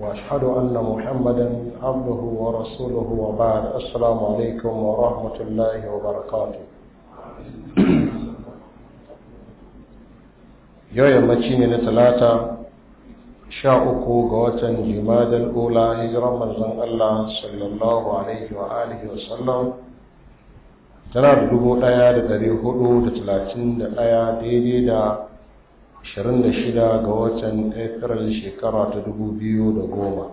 وأشهد أن محمدا عبده ورسوله وبعد السلام عليكم ورحمة الله وبركاته yau yammaci ne na talata sha uku ga watan jimadar ula hijiran manzan Allah sallallahu alaihi wa wa sallam tana da dubu ɗaya da dari hudu da talatin da ɗaya daidai da 26 ga watan april shekara ta 2010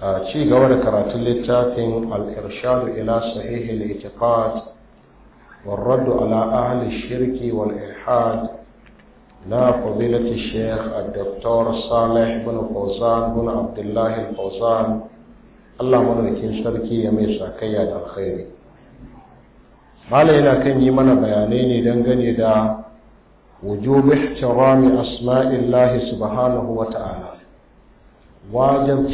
a ci gaba da karatun littafin al'irshadu ila sahihil itiqad warraddu ala ahli shirki wal ilhad na fadilati sheikh a doktor salih bin fauzan bin abdullahi fauzan allah madaukin sarki ya mai sakayya da alkhairi malai yana kan yi mana bayanai ne dangane da وجوب احترام أسماء الله سبحانه وتعالى واجب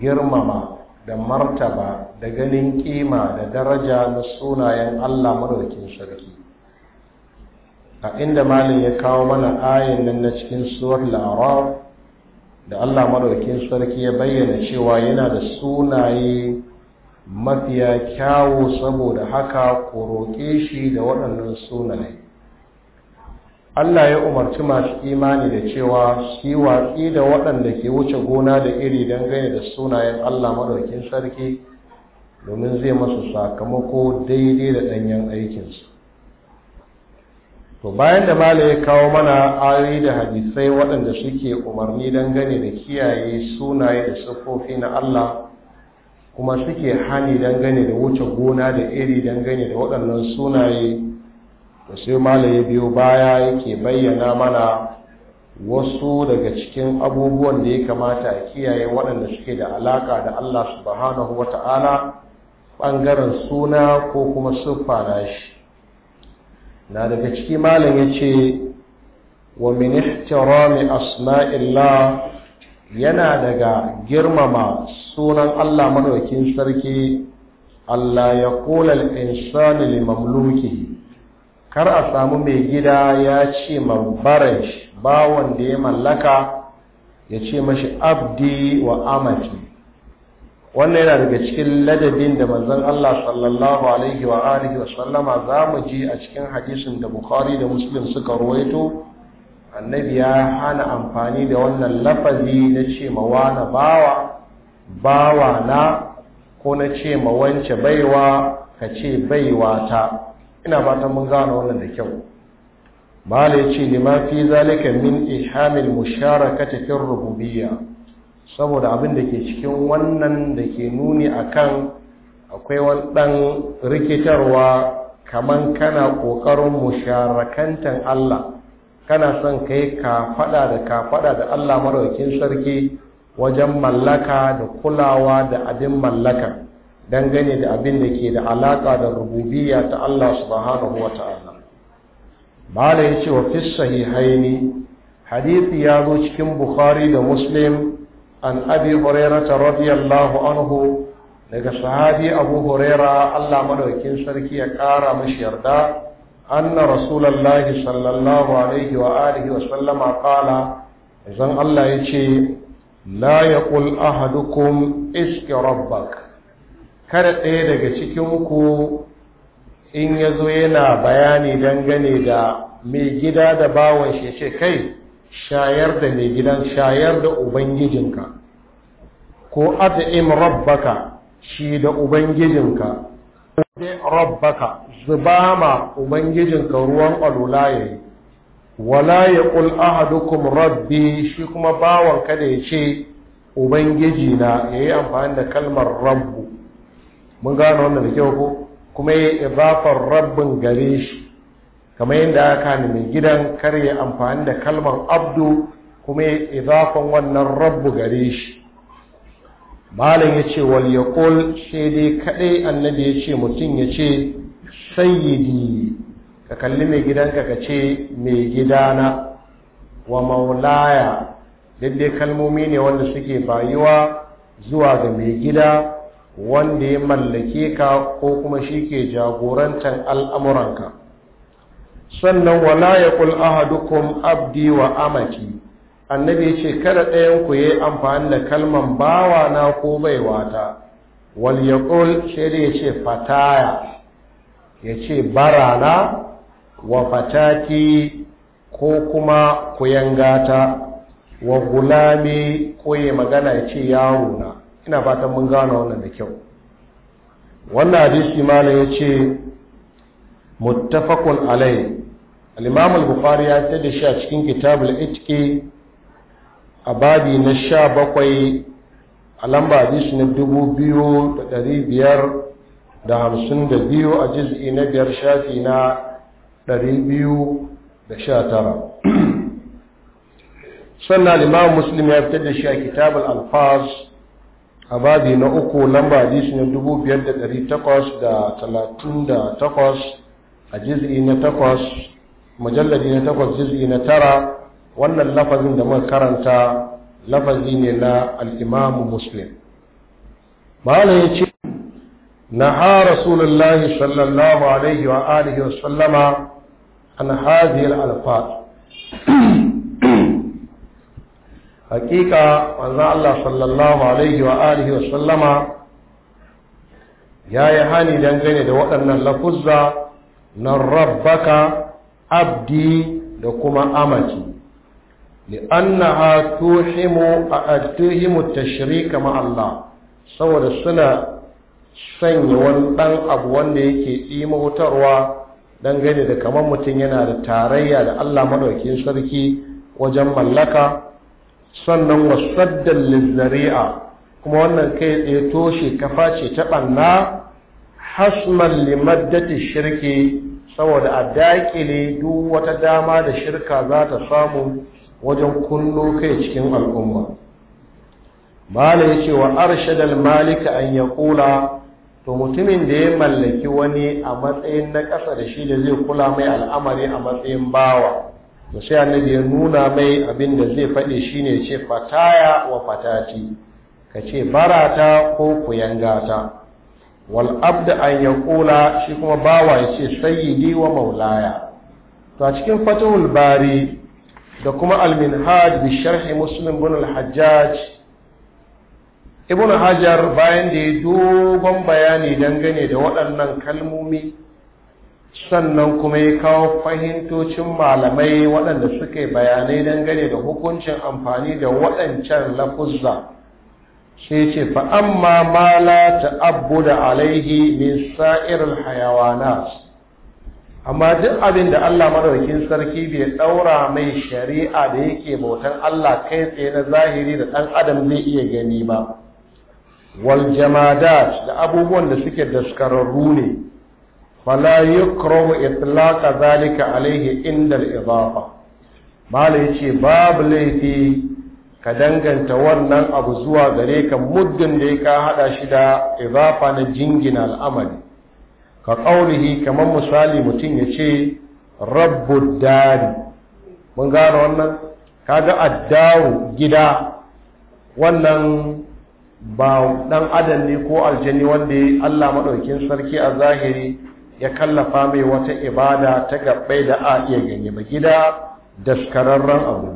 girmama da martaba da ganin ƙima da daraja na sunayen Allah madaukakin sarki a inda malam ya kawo mana ayin na cikin suwar la'arab da Allah madaukakin sarki ya bayyana cewa yana da sunaye mafiya kyawu saboda haka ko roƙe shi da waɗannan sunaye Allah ya umarci masu imani da cewa shi watsi da waɗanda ke wuce gona da iri dangane da sunayen Allah maɗaukin sarki domin zai masu sakamako daidai da ɗanyen aikinsu. To bayan da Mala ya kawo mana ayoyi da hadisai waɗanda suke umarni dangane da kiyaye sunaye da siffofi na Allah kuma suke hani dangane da wuce gona da iri dangane da waɗannan sunaye. da sai malam ya biyo baya yake bayyana mana wasu daga cikin abubuwan da ya kamata a kiyaye waɗanda suke da alaka da Allah subhanahu ta'ala ɓangaren suna ko kuma siffa na shi na daga ciki malam ya ce wa min ihtirami asma'illah yana daga girmama sunan Allah madaukin sarki Allah ya kula al-insani li mamlukihi kar a samu mai gida ya ce ma shi bawon da ya mallaka ya ce mashi abdi wa amati wannan yana daga cikin ladabin da manzon Allah sallallahu alaihi wa alihi wa sallama zamu ji a cikin hadisin da Bukhari da Muslim suka ruwaito annabi ya hana amfani da wannan lafazi na ce ma wana bawa bawa na ko na ce ma wance baiwa ka ce baiwa ta ina fatan mun gano wannan da kyau mala yace ma fi zalika min ihamil musharakati fi rububiyya saboda abin da ke cikin wannan da ke nuni akan akwai wani dan rikitarwa kaman kana kokarin musharakantan Allah kana son kai ka fada da ka fada da Allah maraukin sarki wajen mallaka da kulawa da abin mallaka dangane da abin da ke da alaƙa da rububiya ta Allah subhanahu wa ta'ala ya ce wa fi haini, hadithi ya zo cikin bukhari da muslim an abi hurairata radiyallahu anhu daga sahabi abu huraira Allah madaukin sarki ya ƙara mashi yarda anna rasulallahi sallallahu alaihi wa alihi wa sallama qala zan Allah yace la ƙul ahadukum iski rabbak kada ɗaya daga cikin ku in ya zo yana bayani dangane da mai gida da bawan shi ce kai shayar da mai gidan shayar da ubangijinka ko im rabbaka shi da ubangijinka dai rabbaka zuba ma ubangijinka ruwan alula yayi wala yaqul ahadukum rabbi shi kuma bawan kada ya ce ubangiji na yayi amfani da kalmar rabb mun gane wannan da kyau ko kuma ya idafar rabbin gare shi kamar yadda aka ne mai gidan kar amfani da kalmar abdu kuma ya wannan rabbu gare shi malam ya ce wal yaqul sai dai kaɗai annabi ya ce mutum ya ce sayidi ka kalli mai gidanka ka ce mai gidana wa maulaya daidai kalmomi ne wanda suke bayuwa zuwa ga mai gida wanda ya mallake ka ko kuma shi ke jagorantar al'amuranka sannan wala ya kul ahadukum abdi wa amaki, annabi ce kada ɗayanku ya yi amfani da kalman bawa na ko baiwata wal ya ƙul shaidu ya ce fataya ya ce barana wa fataki ko kuma kuyangata wa gulami ko ya magana ya ce yawuna. na ina fatan mun gane wannan da kyau wannan hadisi malam ya ce muttafaqun alai al-imam al-bukhari ya ce da shi a cikin kitabul itqi a babi na 17 a lamba hadisi na 2552 a juz'i na biyar shafi na 219 sannan al-imam muslim ya fitar da shi a kitabul alfaz Abadi na uku lamba hadisi na dubu biyar da ɗari takwas da talatin da takwas a jiz'i na takwas mujalladi na takwas jiz'i na tara wannan lafazin da muka karanta lafazi ne na al'imamu muslim ma'ana ya ce na ha rasulullahi sallallahu alaihi wa alihi wa sallama an haziyar alfad hakika manzon Allah sallallahu alaihi wa alihi wa sallama yayi hani dangane da waɗannan lafuzza na rabbaka abdi da kuma amati li'annaha tuhimu atuhimu tashrika ma Allah saboda suna sanya wani ɗan abu wanda yake imautarwa dangane da kamar mutum yana da tarayya da Allah maɗaukin sarki wajen mallaka sannan wasaddan lizzari'a kuma wannan kai tsaye toshe kafa ce ta ɓanna hasman limaddatin shirki saboda a daƙile duk wata dama da shirka za ta samu wajen kunno kai cikin al'umma Malam ya ce wa arshadal malika an ya kula to mutumin da ya mallaki wani a matsayin na ƙasa da shi da zai kula mai al'amari a matsayin bawa to sai annabi ya nuna mai abin da zai faɗi shine ce fataya wa fatati kace barata ko kuyangata wal abd an yaqula shi kuma bawa ya ce sayyidi wa maulaya to a cikin fatul bari da kuma al minhaj bi sharh muslim bin al hajjaj ibn hajar bayan da ya dogon bayani dangane da waɗannan kalmomi sannan kuma ya kawo fahimtocin malamai waɗanda suka yi bayanai dangane da hukuncin amfani da waɗancan lafuzza sai ce fa'amma ma la abu da alaihi min sa'irar hayawana amma duk abin da Allah madaukin sarki bai ɗaura mai shari'a da yake bautar Allah kai tsaye na zahiri da ɗan adam zai iya gani ba wal jama'adat da abubuwan da suke daskararru ne fala yukrahu itlaqa zalika alaihi inda al-idafa mala yace babu laifi ka danganta wannan abu zuwa gare ka muddin da ka hada shi da idafa na jingina al'amari ka qaulihi kamar misali mutum yace rabbud dari mun gano wannan kaga addawo gida wannan ba dan adam ne ko aljani wanda Allah madaukin sarki a zahiri ya kallafa mai wata ibada ta gabbai da a iya ganye ba gida daskararren abu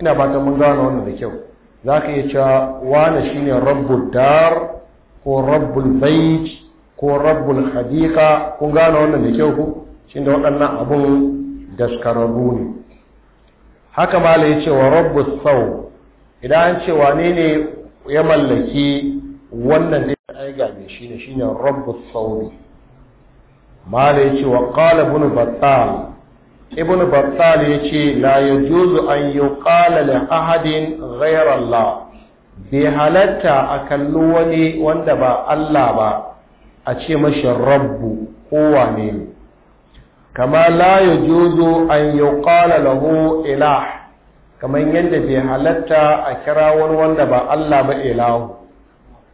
ina fatan mun gano wannan da kyau za ka iya cewa wane ne rabbul dar ko rabbul bait ko rabbul Hadika, kun gano wannan da kyau ku shi da waɗannan abun daskararru ne haka ma la ce wa rabbul sau idan an ce wane ne ya mallaki wannan da ya aiga mai shi ne rabbul sau ne mala ya ce wa kala ibn battal ibn battal ya ce la yajuzu an yuqala li ahadin ghayra Allah halarta halatta a kalli wani wanda ba Allah ba a ce mashi rabbu ko wane ne kama la juzu an kala lahu ilah kamar yadda bai halatta a kira wani wanda ba Allah ba ilahu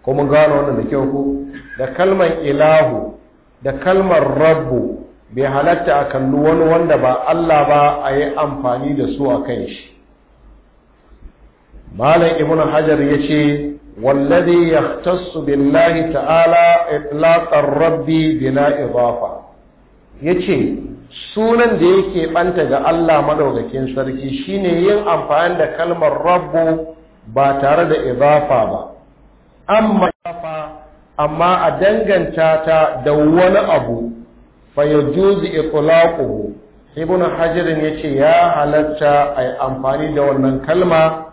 kuma gano wannan da kyau ku da kalmar ilahu da kalmar rabbu bai halatta a kalli wani wanda ba Allah ba a yi amfani da su a kan shi malam ibn hajar ya ce wallazi yahtassu billahi ta'ala itlaqar rabbi bila Ya ce, sunan da yake banta ga Allah madaukakin sarki shine yin amfani da kalmar rabbu ba tare da ibafa ba amma amma a danganta ta da wani abu fa yajuzu itlaquhu ibn hajar ya ce ya halatta a amfani da wannan kalma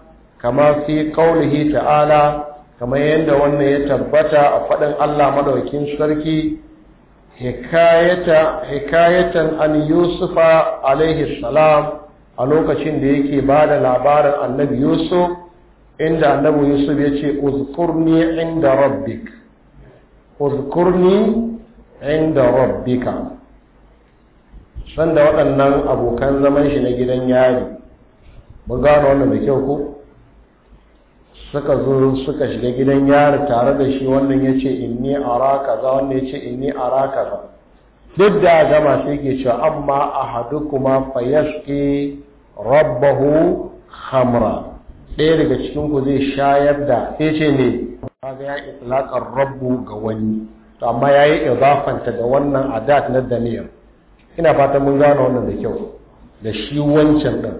kama fi qaulihi ta'ala kamar yadda wannan ya tabbata a faɗin Allah maɗaukin sarki hikayatan an yusufa alaihi salam a lokacin da yake ba da labarin annabi yusuf inda annabi yusuf ya ce uzkurni inda rabbik uzkurni inda rabbika sanda waɗannan abokan zaman shi na gidan yari mun gano wannan da kyau ko suka zo suka shiga gidan yari tare da shi wannan ya ce inni ara kaza wannan ya ce inni ara kaza duk da gama sai ke cewa amma ahadukum fa yasqi rabbahu khamra ɗaya daga cikin ku zai shayar da sai ce ne kaga ya itlaqar rabbu ga wani to amma yayi izafanta ga wannan adat na damir ina fatan mun gane wannan da kyau da shi wancan din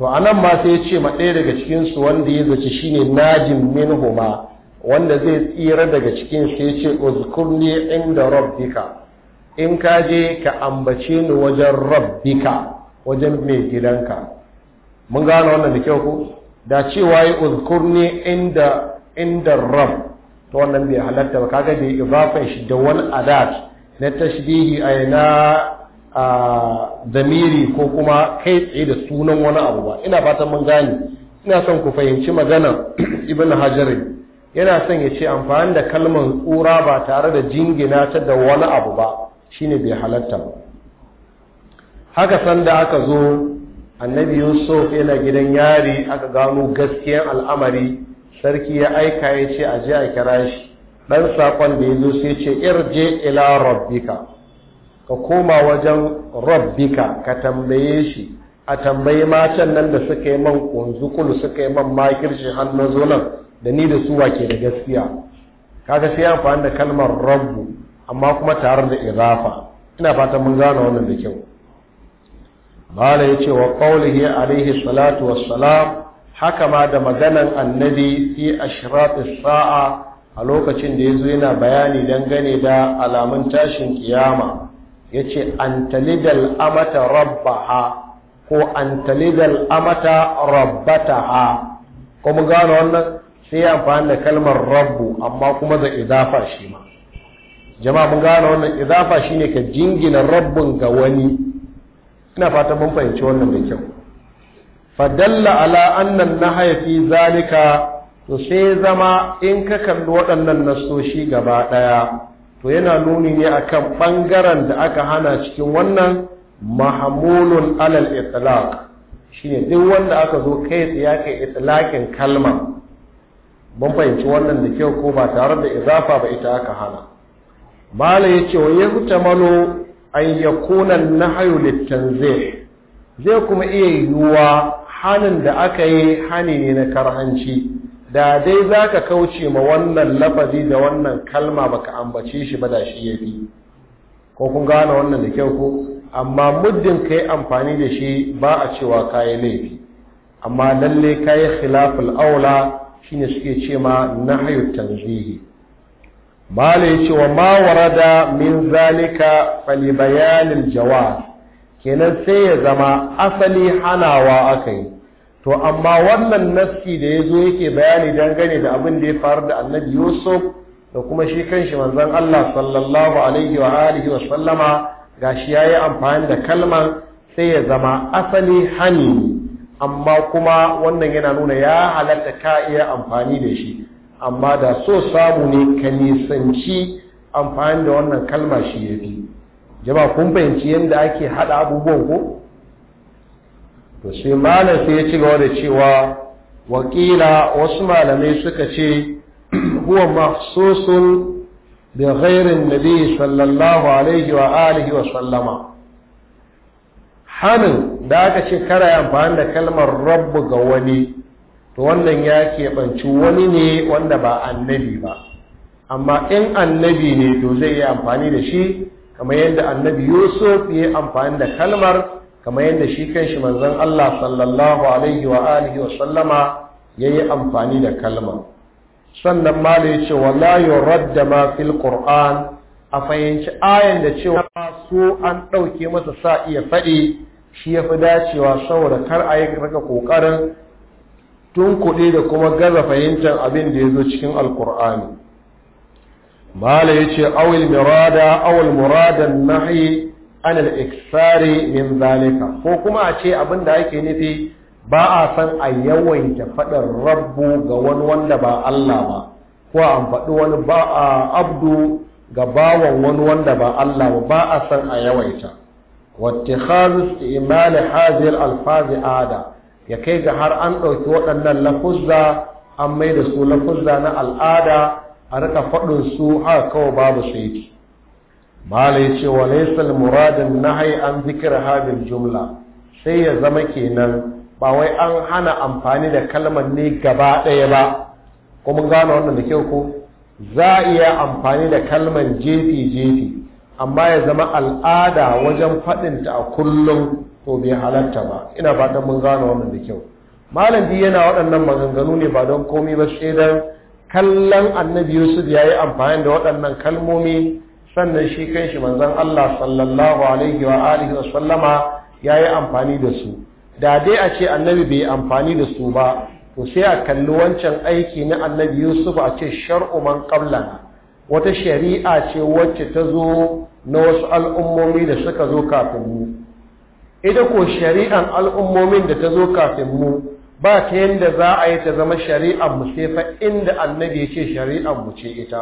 to anan ma sai ya ce ma ɗaya daga cikin su wanda ya zaci shine najim huma wanda zai tsira daga cikin sai ya ce uzkurni inda rabbika in ka je ka ambace ni wajen rabbika wajen mai gidanka mun gane wannan da kyau ko da cewa ya uzkurni inda inda raf ta wannan bai halatta ba kaga bai idafan shi da wani adat na tashbihi a zamiri ko kuma kai tsaye da sunan wani abu ba ina fatan mun gane ina son ku fahimci magana ibn hajari yana son ya ce amfani da kalmar tsura ba tare da jingina ta da wani abu ba shine bai halatta ba haka sanda aka zo annabi yusuf yana gidan yari aka gano gaskiyan al'amari sarki ya aika ya ce a je a kira shi ɗan saƙon da ya zo sai ce irje ila rabbika ka koma wajen rabbika ka tambaye shi a tambayi matan nan da suka yi man Kulu suka yi man makirci har na zo nan da ni da su wake da gaskiya kaga sai ya amfani da kalmar rabbu amma kuma tare da irafa ina fata mun gane wannan da kyau mala ce wa ƙaulihi alaihi salatu wassalam haka ma da maganan annabi fi ashratis sa'a a lokacin da yazo yana bayani dangane da alamun tashin kiyama yace antalidal amata rabbaha ko antalidal amata rabbataha kuma gano wannan sai ya amfani da kalmar rabbu amma kuma da idafa shi ma jama'a mun gano wannan idafa shine ka jingina rabbun ga wani ina fata mun fahimci wannan da kyau fadalla ala annan na haifi zalika to sai zama in ka kalli waɗannan nasoshi gaba ɗaya to yana nuni ne akan ɓangaren da aka hana cikin wannan mahamulun alal itlaq shine duk wanda aka zo kai tsaye kai itlaqin kalma Ban fahimci wannan da kyau ko ba tare da izafa ba ita aka hana mala yace wa yuhtamalu an yakuna an-nahyu lit zai kuma iya yiwuwa hanin da aka yi hani ne na karhanci da dai za ka kauce ma wannan lafazi da wannan kalma ba ka ambace shi ba da shi ya fi ko kun gane wannan da kyau ko amma muddin ka yi amfani da shi ba a cewa ka yi laifi amma lalle ka yi khilafin aula shine suke ce ma nahyu tanzihi mala yace cewa ma warada min zalika fali jawaz kenan sai ya zama asali hanawa aka yi to amma wannan nassi da ya zo yake bayani dangane da abin da ya faru da annabi yusuf da kuma shi kanshi manzon allah sallallahu alaihi wa alihi wa sallama gashi ya yi amfani da kalman, sai ya zama asali hani amma kuma wannan yana nuna ya halatta ka iya amfani da shi amma da so samu ne ka nisanci amfani da wannan kalma shi ya fi jama kun fahimci yadda ake haɗa abubuwan ko to sai malam sai ya ci gaba da cewa wakila wasu malamai suka ce huwa mahsusun bi ghairin nabi sallallahu alaihi wa alihi wa sallama hanin da aka ce kara ya amfani da kalmar rabbu ga wani to wannan ya keɓanci wani ne wanda ba annabi ba amma in annabi ne to zai yi amfani da shi kamar yadda annabi yusuf ya amfani da kalmar kamar yadda shi kanshi manzon Allah sallallahu alaihi wa alihi wa sallama yayi amfani da kalmar sannan ma da yace wala yuradda ma fil qur'an a fahimci ayan da cewa su an dauke masa sa iya faɗi shi yafi dacewa saboda kar a yi raka kokarin tun kuɗi da kuma gaza fahimtar abin da ya zo cikin alkur'ani mala yace awil murada awil muradan nahi an al-iksari min zalika ko kuma a ce abinda ake nufi ba a san a yawaita faɗin rabbu ga wani wanda ba Allah ba ko an faɗi wani ba a abdu ga bawan wani wanda ba Allah ba ba a san a yawaita wattikhazis imali hazil alfazi ada ya kai ga har an ɗauki waɗannan lafuzza an mai da su lafuzza na al'ada a rika faɗin su haka kawai babu su yake malai ce wa laisal muradin nahai an zikir habil jumla sai ya zama kenan ba wai an hana amfani da kalmar ne gaba ɗaya ba kuma gano wannan da kyau ko za a iya amfani da kalmar jefi-jefi amma ya zama al'ada wajen faɗinta a kullum to bai halatta ba ina fatan mun gano wannan da kyau malam bi yana waɗannan maganganu ne ba don komai ba sai kallon annabi yusuf ya yi amfani da waɗannan kalmomi sannan shi kan shi manzan allah sallallahu alaihi wa alihi wa sallama ya yi amfani da su da dai a ce annabi bai amfani da su ba to sai a kalli wancan aiki na annabi yusuf a ce shar'uman man wata shari'a ce wacce ta zo na wasu al'ummomi da suka zo kafin mu ita ko shari'an al'ummomin da ta zo kafin mu ba ta yadda za a yi ta zama shari'ar mu fa inda annabi ya ce shari'ar mu ce ita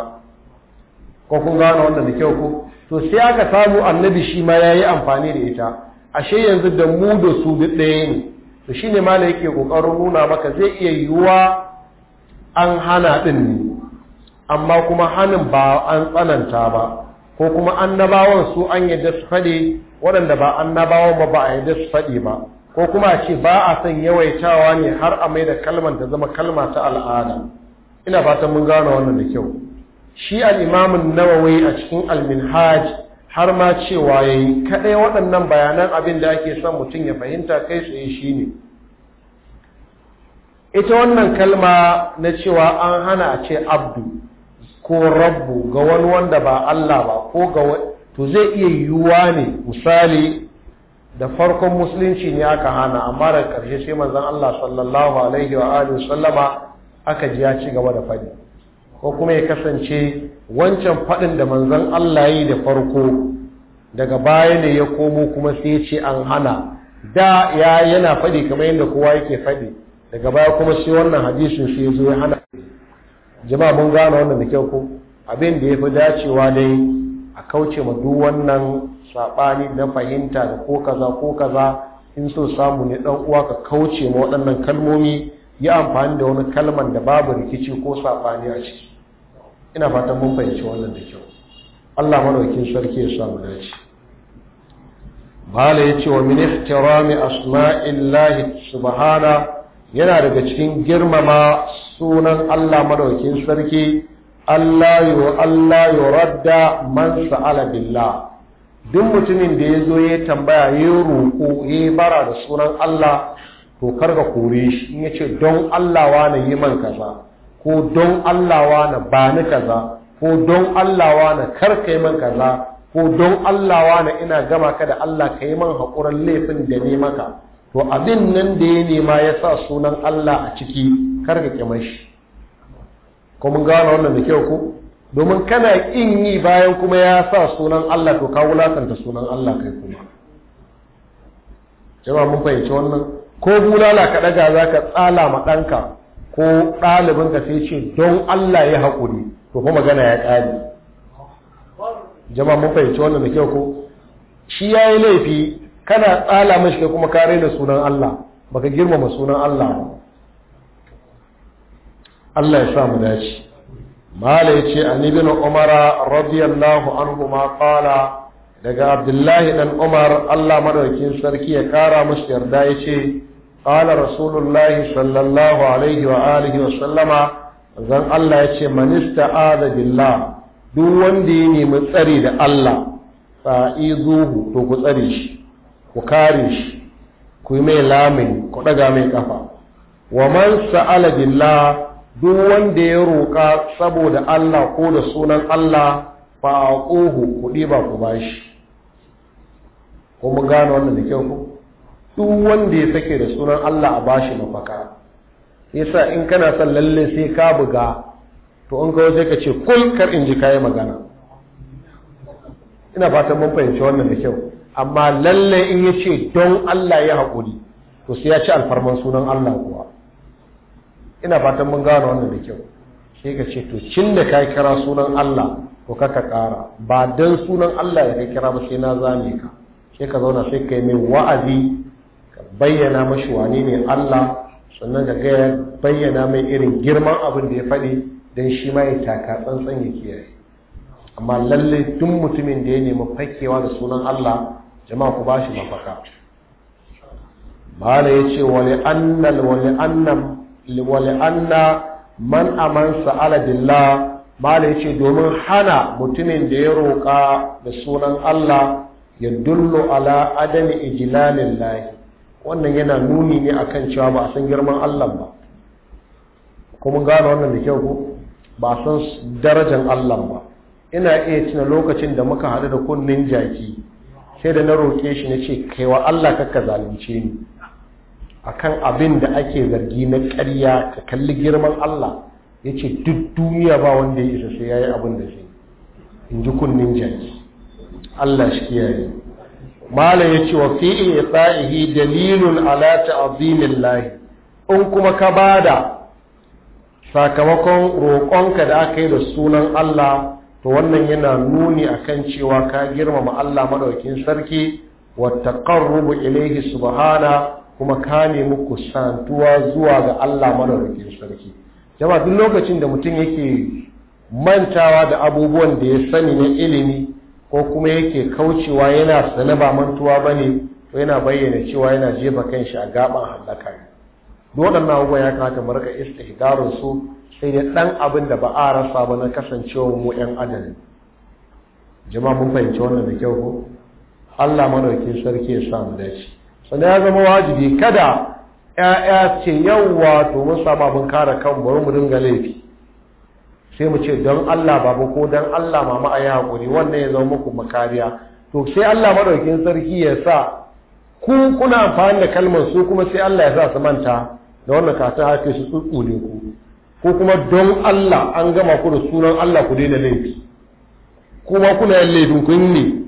ko kun gano wannan da kyau ko to sai aka samu annabi shi ma yi amfani da ita ashe yanzu da mu da su duk ɗaya ne to shine ma yake ƙoƙarin nuna maka zai iya yiwuwa an hana din ne amma kuma hanin ba an tsananta ba ko kuma annabawan su an yadda su faɗi waɗanda ba annabawan ba ba a yadda su faɗi ba ko kuma ce ba a son yawaitawa ne har a mai da kalman ta zama kalma ta al'ada ina fatan mun gane wannan da kyau shi al'imamin nawawai a cikin alminhaj har ma cewa ya yi kaɗai waɗannan bayanan abin da ake son mutum ya fahimta kai tsaye shi ne ita wannan kalma na cewa an hana a ce abdu ko rabbu ga wani wanda ba Allah ba ko ga to zai iya yiwuwa ne misali da farkon musulunci ne aka hana amma da ƙarshe sai manzon Allah sallallahu alaihi wa alihi sallama aka ji ya ci gaba da faɗi ko kuma ya kasance wancan faɗin da manzon Allah yi da farko daga baya ne ya komo kuma sai ya ce an hana da ya yana faɗi kamar yadda kowa yake faɗi daga baya kuma sai wannan hadisin sai ya zo ya hana jama'a mun gane wannan da kyau ko abin da ya fi dacewa dai a kauce ma duk wannan saɓani na fahimta da ko kaza ko kaza in so samu ne ɗan uwa ka kauce ma waɗannan kalmomi yi amfani da wani kalman da babu rikici ko saɓani a ciki ina fatan mun fahimci wannan da kyau Allah madaukin sarki ya samu dace bala yace wa min ihtirami asma'illahi subhana yana daga cikin girmama sunan Allah madaukin sarki Allah yu Allah yuradda man sa'ala billah duk mutumin da ya zo ya tambaya ya roƙo ya yi bara da sunan Allah to karka kore shi in ya ce don Allah wane yi man kaza ko don Allah wane ba ni kaza ko don Allah wane karka yi man kaza ko don Allah na ina gama ka da Allah ka yi man haƙuran laifin da ne maka to abin nan da ya nema ya sa sunan Allah a ciki karka ƙi mashi ko mun gano wannan da kyau ko domin kana ƙin yi bayan kuma ya sa sunan Allah to ka wulakanta sunan Allah kai kuma jama mun fahimci wannan ko bulala ka ɗaga za ka tsala ma ɗanka ko ɗalibin ka sai ce don Allah ya haƙuri to fa magana ya ƙare jama mun fahimci wannan da kyau ko shi ya yi laifi kana tsala mashi kai kuma ka raina sunan Allah baka girmama sunan Allah Allah ya sa mu dace mala ya ce an ibn umara radiyallahu anhu ma daga abdullahi dan umar allah madaukin sarki ya kara musu yarda ya ce qala rasulullahi sallallahu alaihi wa wa sallama zan allah ya ce manista aza duk wanda ya nemi tsari da allah fa'izuhu to ku tsare shi ku kare shi ku yi mai lamin, ku ɗaga mai ƙafa. wa man sa'ala duk wanda ya roƙa saboda Allah ko da sunan Allah ba a ƙohu kuɗi ba ku bashi ko mun gane wannan da kyau ko duk wanda ya sake da sunan Allah a bashi mafaka yasa in kana son lalle sai ka buga to in ga sai ka ce kul kar in ji kayi magana ina fatan mun fahimci wannan da kyau amma lallai in ya ce don Allah ya haƙuri to sai ya ci alfarman sunan Allah kuwa ina fatan mun gane wannan da kyau sai ka ce to cin da ka kira sunan Allah to ka kara ba dan sunan Allah ya kira ba sai na zame ka sai ka zauna sai ka yi mai wa'azi ka bayyana mashi wane ne Allah sannan ka ga bayyana mai irin girman abin da ya faɗi dan shi ma ya taka tsantsan ya kiyaye amma lalle duk mutumin da ya nemi fakewa da sunan Allah jama'a ku bashi mafaka ya yace wani annal wani annam anna man aman sa'ala billah malai ce domin hana mutumin da ya roƙa da sunan Allah ya dullo ala adami ijlalin wannan yana nuni ne akan cewa ba san girman Allah ba kuma gane wannan da kyau ba san darajar Allah ba ina iya tuna lokacin da muka haɗu da kunnin jaki sai da na roƙe shi na ce kaiwa Allah kakka zalunce ni akan abin da ake zargi na ƙarya ka kalli girman Allah ya ce duk duniya ba wanda ya isa sai ya yi abin da sai in ji kunnin jaki Allah shi kiyaye mala ya ce wa fi isa'ihi dalilun ala ta'zimin lahi in kuma ka bada sakamakon roƙonka da aka yi da sunan Allah to wannan yana nuni akan cewa ka girmama Allah madaukin sarki wa taqarrubu ilayhi subhana kuma ka nemi kusantuwa zuwa ga Allah madaukakin sarki jama duk lokacin da mutum yake mantawa da abubuwan da ya sani na ilimi ko kuma yake kaucewa yana sane ba mantuwa ba ne, to yana bayyana cewa yana jefa kan shi a gaban halaka duk waɗannan abubuwan ya kamata mu rika istihdarun su sai da ɗan abin da ba a rasa ba na kasancewar mu ƴan adam jama mun fahimci wannan da kyau ko Allah madaukakin sarki ya samu dace Sani ya zama wajibi kada ‘ya'ya ce yawwa to mun samu abin kare kan bari mu dinga laifi sai mu ce don Allah babu ko don Allah mama a yi haƙuri wannan ya zama muku makariya to sai Allah maɗaukin sarki ya sa ku kuna amfani da kalmar su kuma sai Allah ya sa su manta da wannan kata haka su ne ku ko kuma don Allah an gama ku da sunan Allah ku daina laifi kuma kuna yin laifin kun ne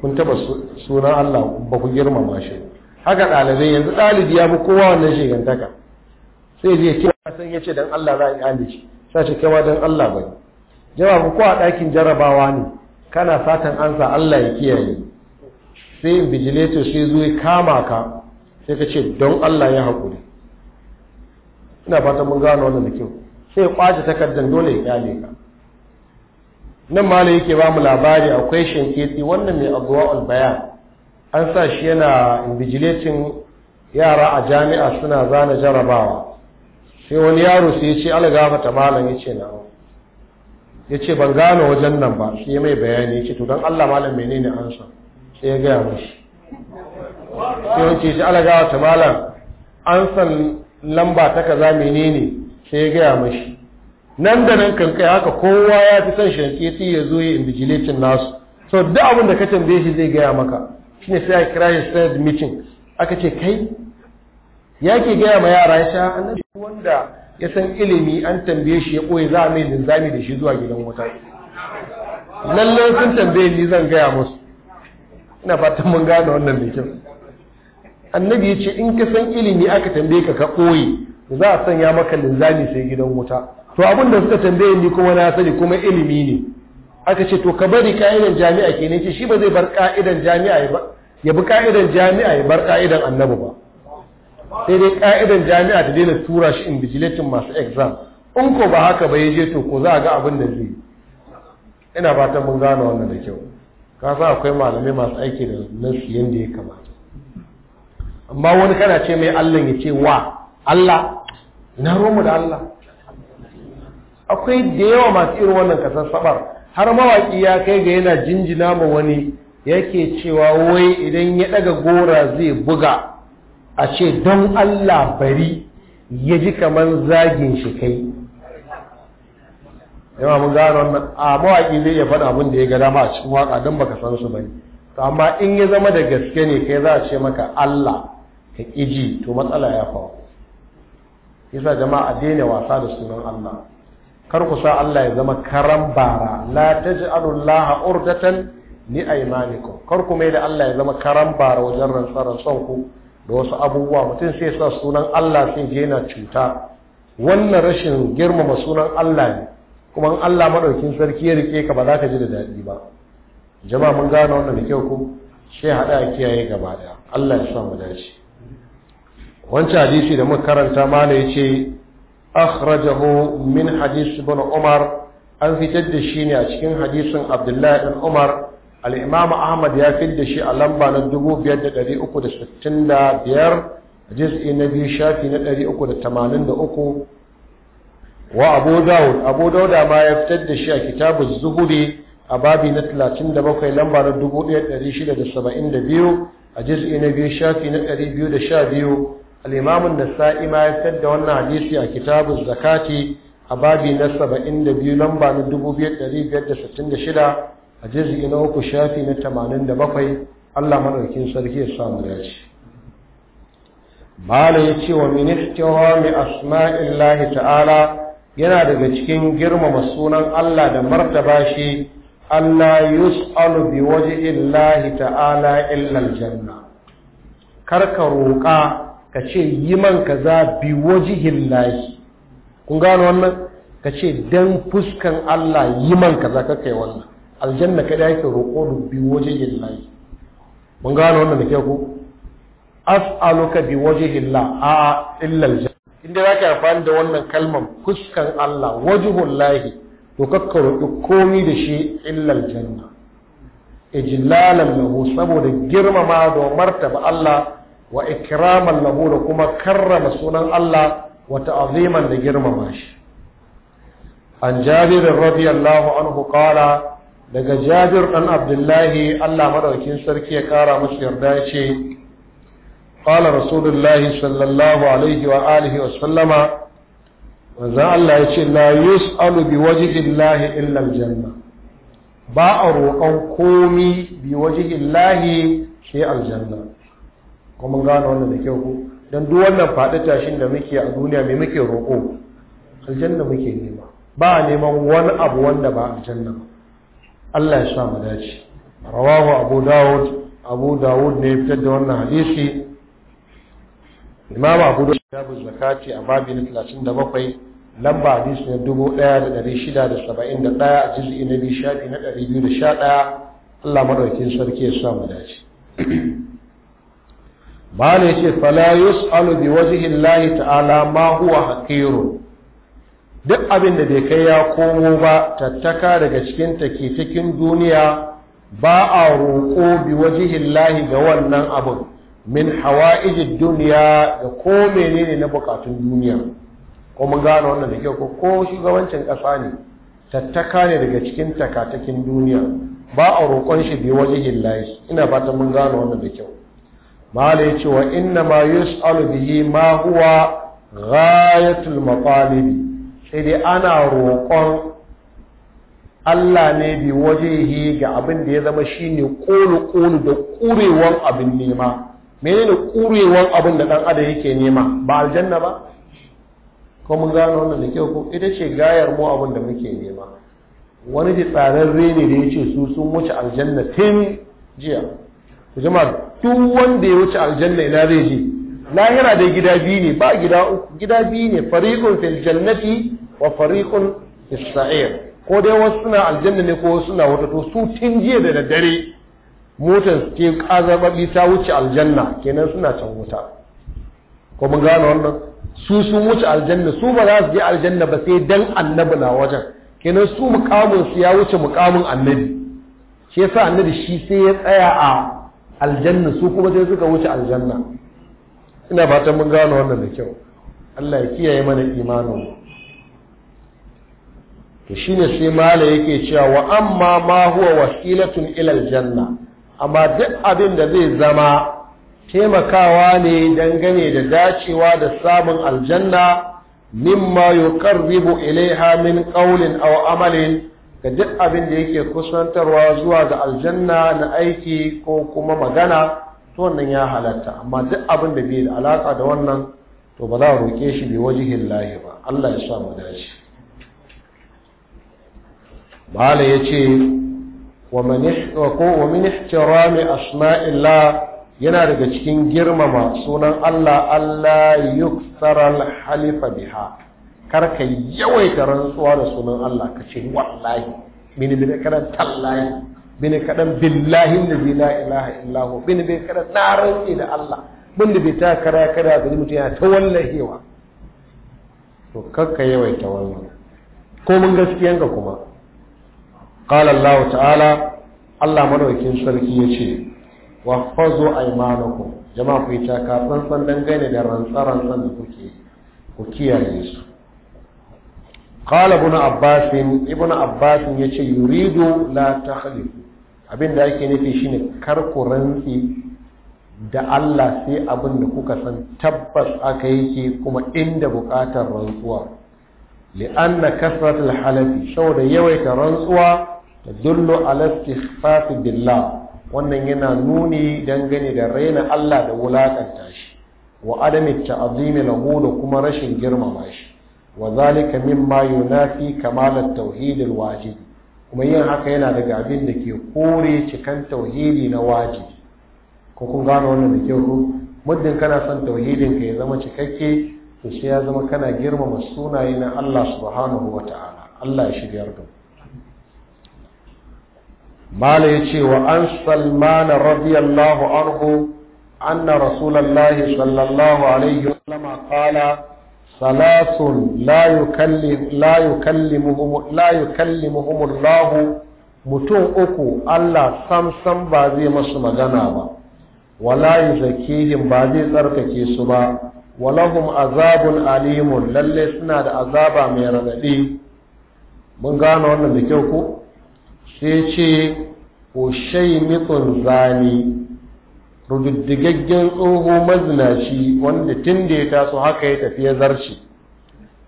kun taba sunan Allah ba ku girmama shi haka ɗalibai yanzu dalibi ya fi kowa wannan shigantaka sai zai ce san ya ce Allah za a yi alici sai ce don Allah ba jawabu ko ku a ɗakin jarabawa ne kana fatan ansa Allah ya kiyaye sai vigilator sai zo kama ka sai ka ce don Allah ya hakuri ina fatan mun gano wannan da kyau sai ya kwace takardar dole ya kyale ka nan malam yake ba mu labari akwai shinketi wannan mai abuwa albaya an sa shi yana invigilating yara a jami'a suna zana jarabawa sai wani yaro sai ya ce algafa ta malam ya ce na. ya ce ban gano wajen nan ba sai mai bayani ya ce to don allah malam mai menene ansa sai ya gaya mashi sai wance shi algafa ta malam an san lamba ta kaza nini, sai ya gaya mashi nan da nan kankai haka kowa ya fi son shanketi ya zo yi invigilatin nasu so duk abin da ka tambaye shi zai gaya maka shine sai a kira shi said meeting aka ce kai ya ke gaya ma yara ya sha annabi wanda ya san ilimi an tambaye shi ya koyi za a mai linzami da shi zuwa gidan wuta lallai sun tambaye ni zan gaya musu ina fatan mun gane wannan da kyau annabi ya ce in ka san ilimi aka tambaye ka ka koyi za a sanya maka linzami sai gidan wuta to abin da suka tambaye ni kuma na sani kuma ilimi ne aka ce to ka bari ka'idan jami'a ke ne ce shi ba zai bar ka'idan jami'a ba ya bi ka'idan jami'a ya bar ka'idan annabi ba sai dai ka'idan jami'a ta daina tura shi invigilating masu exam in ko ba haka ba ya je to ko za a ga abin da zai yi? ina fatan mun gane wannan da kyau ka sa akwai malamai masu aiki da nasu yadda ya kamata amma wani kana ce mai allah ya ce wa allah na romu da allah akwai da yawa masu irin wannan kasassabar har mawaƙi ya kai ga yana jinjina ma wani yake cewa wai idan ya ɗaga gora zai buga a ce don Allah bari ya ji kamar zagin shi kai yawa mun gano wannan a mawaƙi zai iya faɗa abin da ya ga dama a cikin waƙa don baka san su ba ne amma in ya zama da gaske ne kai za a ce maka Allah ka kiji to matsala ya faru yasa jama'a daina wasa da sunan Allah kar ku sa Allah ya zama karan bara la taj'alu Allah urdatan li aymanikum kar ku mai da Allah ya zama karan bara wajen rantsar son ku da wasu abubuwa mutum sai sa sunan Allah sai je na cuta wannan rashin girmama sunan Allah ne kuma in Allah madaukin sarki ya rike ka ba za ka ji da daɗi ba jama'a mun gane wannan da kyau ku sai hada kiyaye gaba daya Allah ya sa mu dace wancan hadisi da muka karanta mala yace akhrajahu min hadis ibn umar an fitar da shi ne a cikin hadisin abdullahi Ɗan umar al-imam ahmad ya fitar da shi a lamba na 5365 juz'i na biyu shafi na 383 wa abu dawud abu dawud ma ya fitar da shi a kitabu zuhuri a babi na 37 lamba na 1672 a juz'i na biyu shafi na 212 al'imamun da sa'ima ya fitar da wannan hadisi a kitabun zakati a babi na 72 lamba na 2566 a jizi na uku shafi na 87 allah maɗaukin sarki ya samu dace bala ya ce wa ministewa mai asma'illahi ta'ala yana daga cikin girmama sunan allah da martaba shi allah yus'alu bi waje illahi ta'ala illal janna karka roƙa ka ce yi man kaza bi wajihin lahi kun gano wannan ka ce dan fuskan Allah yi man kaza ka kai wannan aljanna kada yake roƙo bi wajihin lahi mun gano wannan da ke ku as'aluka bi wajihin la a illa aljanna inda zaka amfani da wannan kalmar fuskan Allah waje lahi to kakka roƙi komi da shi illa aljanna ijlalan lahu saboda girmama da martaba Allah wa ikraman lahu da kuma karrama sunan Allah wata aziman da girmama shi an jabir radiyallahu anhu qala daga jabir ɗan abdullahi Allah madaukin sarki ya kara musu yarda ya ce qala rasulullahi sallallahu alaihi wa alihi wa sallama Wanzan Allah ya ce la yus'alu bi wajhi llahi illa aljanna ba a roƙon komi bi wajhi llahi sai aljanna ko mun gane wannan da kyau ko dan duk wannan faɗi tashin da muke a duniya me muke roƙo aljanna muke nema ba neman wani abu wanda ba aljanna ba Allah ya sa mu dace rawahu abu dawud abu dawud ne fitar da wannan hadisi imam abu dawud ya bu zakati a babi na 37 lamba hadisi na 1671 a juz'i na bi shafi na 211 Allah madaukakin sarki ya sa mu dace ba ne ce fala yus'alu bi lahi ta'ala ma huwa haqirun duk abin da bai kai ya komo ba tattaka daga cikin take cikin duniya ba a roƙo bi wajihin lahi ga wannan abin min hawa'ijid duniya da ko menene na bukatun duniya ko mun gane wannan da kyau ko shugabancin ƙasa ne tattaka ne daga cikin takatakin duniya ba a roƙon shi bi wajihin lahi ina fata mun gane wannan da kyau mala ce wa inna ma yus'alu bihi ma huwa ghayatul matalibi sai dai ana roƙon Allah ne bi wajehi ga abin da ya zama shine kulu-kulu da ƙurewan abin nema menene ƙurewan abin da ɗan adam yake nema ba aljanna ba ko mun gano wannan da kyau ko ita ce gayar mu abin da muke nema wani ji tsararre ne da ya ce su sun wuce aljanna tun jiya jama'a duk wanda ya wuce aljanna ina zai je lahira dai gida biyu ne ba gida uku gida biyu ne fariqun fil jannati wa fariqun fis sa'ir ko dai wasu suna aljanna ne ko wasu suna wata to su tun jiya da daddare motar ke kazababi ta wuce aljanna kenan suna can wuta ko mun gane wannan su sun wuce aljanna su ba za su je aljanna ba sai dan annabi na wajen kenan su mukamin su ya wuce mukamin annabi shi yasa annabi shi sai ya tsaya a aljanna su kuma sai suka wuce aljanna ina fatan mun gano wannan da kyau Allah ya kiyaye mana imanin to shine sai mala yake cewa wa amma ma huwa wasilatun ila aljanna amma duk abin da zai zama taimakawa ne dangane da dacewa da samun aljanna mimma yuqarribu ilaiha min qawlin aw amalin ga duk abin da yake kusantarwa zuwa ga aljanna na aiki ko kuma magana to wannan ya halatta amma duk abin da bai da alaka da wannan to ba za a roƙe shi bi wajihin lahi ba Allah ya sa mu dace mala ya wa man ko wa min ihtirami yana daga cikin girmama sunan Allah Allah yuksara halifa biha kar ka yawaita rantsuwa da sunan Allah ka ce wallahi mini bi kadan tallahi mini kadan billahi allazi la ilaha illa hu mini bi kadan tsarin da Allah mun da bai ta kara kara da mutum ya ta wallahewa to kar ka yawaita wannan ko mun gaskiyan ka kuma qala Allah ta'ala Allah madaukakin sarki yace wa fazu aymanakum jama'a ku yi taka tsantsan dangane da rantsaran da kuke ku kiyaye su قال ابن abbas ابن عباس يشي yuridu la تخلف abin da ake nufi shine kar ku rantsi da Allah sai abin da kuka san tabbas aka yake kuma inda bukatar rantsuwa li'anna kasratul halafi saboda yawaita rantsuwa ta dullu ala istighfaf billah wannan yana nuni dangane da raina Allah da wulakanta shi wa adami ta'zimi lahu da kuma rashin girmama shi wa zalika mimma yunafi kamalat tauhidin waje. kuma yin haka yana daga abin da ke kore cikan tauhidi na wajibi ko kun gano wannan da kyau ko muddin kana son tauhidin ka ya zama cikakke to ya zama kana girmama sunaye na Allah subhanahu wata'ala Allah ya shigar da mala yace wa an salman radiyallahu anhu anna rasulullahi sallallahu alaihi wasallam qala salasun la yukallimuhum Allah mutum uku Allah sam sam ba zai masu magana ba wala yuzakihim ba zai tsarkake su ba walahum azabun alimun lalle suna da azaba mai radadi mun gane wannan da kyau ko sai ce ko shaymitun zani rududdigaggen tsoho mazinaci wanda tun da ya taso haka ya tafi ya zarci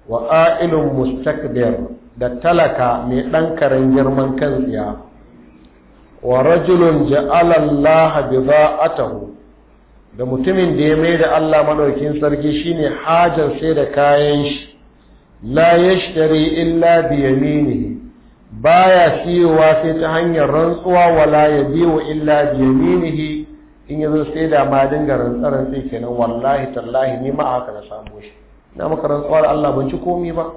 wa 'A'ilun mustakbir da talaka mai ɗan karen girman kan tsiya wa rajulun ja'alallaha bi za'atahu da mutumin da ya mai da Allah madaukin sarki shine hajar sai da kayan shi la yashtari illa bi yaminihi baya siyowa sai ta hanyar rantsuwa wala yabiu illa bi yaminihi in yanzu sai da ma dinga rantsaran kenan wallahi tallahi ni ma haka na samu shi na maka rantsuwar Allah ban ci komai ba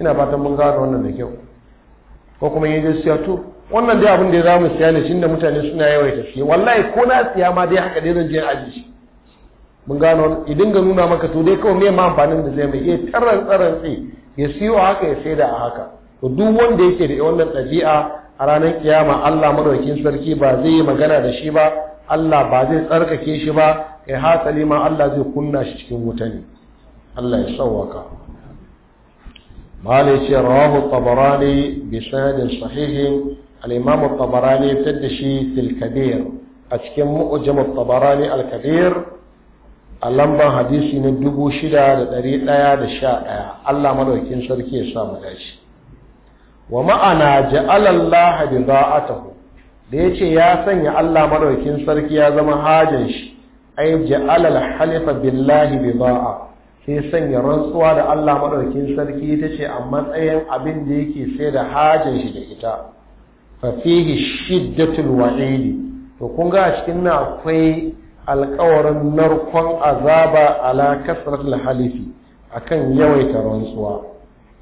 ina fatan mun gano wannan da kyau ko kuma yaje siya to wannan dai abin da za mu siya ne da mutane suna yawaita siya wallahi ko na siya ma dai haka dai zan je aji shi mun gano idan ga nuna maka to dai kawai me ma amfanin da zai mai iya tarar tsaran sai ya siyo haka ya sai da a haka to duk wanda yake da wannan ɗabi'a a ranar kiyama Allah madaukakin sarki ba zai yi magana da shi ba Allah ba zai tsarkake shi ba kai hatsali ma Allah zai kunna shi cikin wuta ne Allah ya sauwaka Mali yace rawahu tabarani bi sanadin sahihin al-imam at-tabarani tadda shi fil kabir a cikin mu'jam at-tabarani al-kabir a lamban hadisi na 6111 Allah madaukakin sarki ya sa mu dace wa ma'ana ja'ala Allah bi za'atahu da ya ce ya sanya Allah maɗaukin sarki ya zama hajin shi ai ja'alal halifa billahi ba'a sai sanya rantsuwa da Allah maɗaukin sarki ita ce a matsayin abin da yake sai da hajin shi da ita fa fihi shiddatul wa'idi to kun ga a cikin nan akwai alƙawarin narkon azaba ala kasratul halifi akan yawaita rantsuwa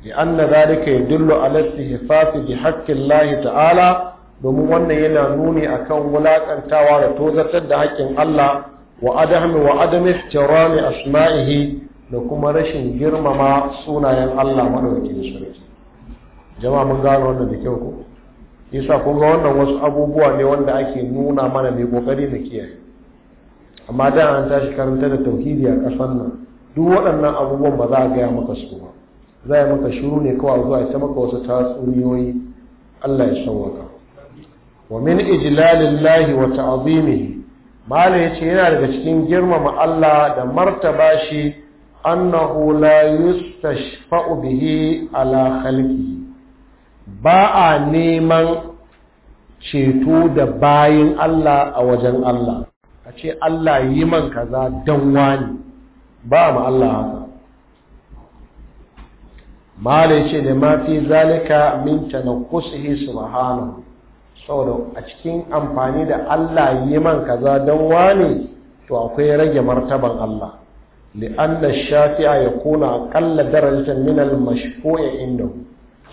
li anna zalika yadullu ala bi haqqi Allah ta'ala domin wannan yana nuni akan wulakantawa da tozartar da haƙƙin Allah wa adami wa adami ihtirami asma'ihi da kuma rashin girmama sunayen Allah madaukakin sarki jama'a mun gano wannan da kyau ko yasa kun ga wannan wasu abubuwa ne wanda ake nuna mana mai kokari da kiyaye amma da an tashi karanta da tauhidi a ƙasar nan duk waɗannan abubuwan ba za a gaya maka su ba za a maka shiru ne kawai zuwa ita maka wasu tatsuniyoyi Allah ya sauwaka wa min ijlalillahi wa ta'zimihi mala yace yana daga cikin girmama Allah da martaba shi annahu la yustashfa'u bihi ala khalqihi ba a neman ceto da bayin Allah a wajen Allah a ce Allah yi man kaza dan wani ba ma Allah haka malai ce da mafi zalika min tanakkusihi subhanahu saboda a cikin amfani da Allah yi man kaza don wane to akwai rage martaban Allah li'anna shafi'a ya kuna akalla darajar min ko ya inda.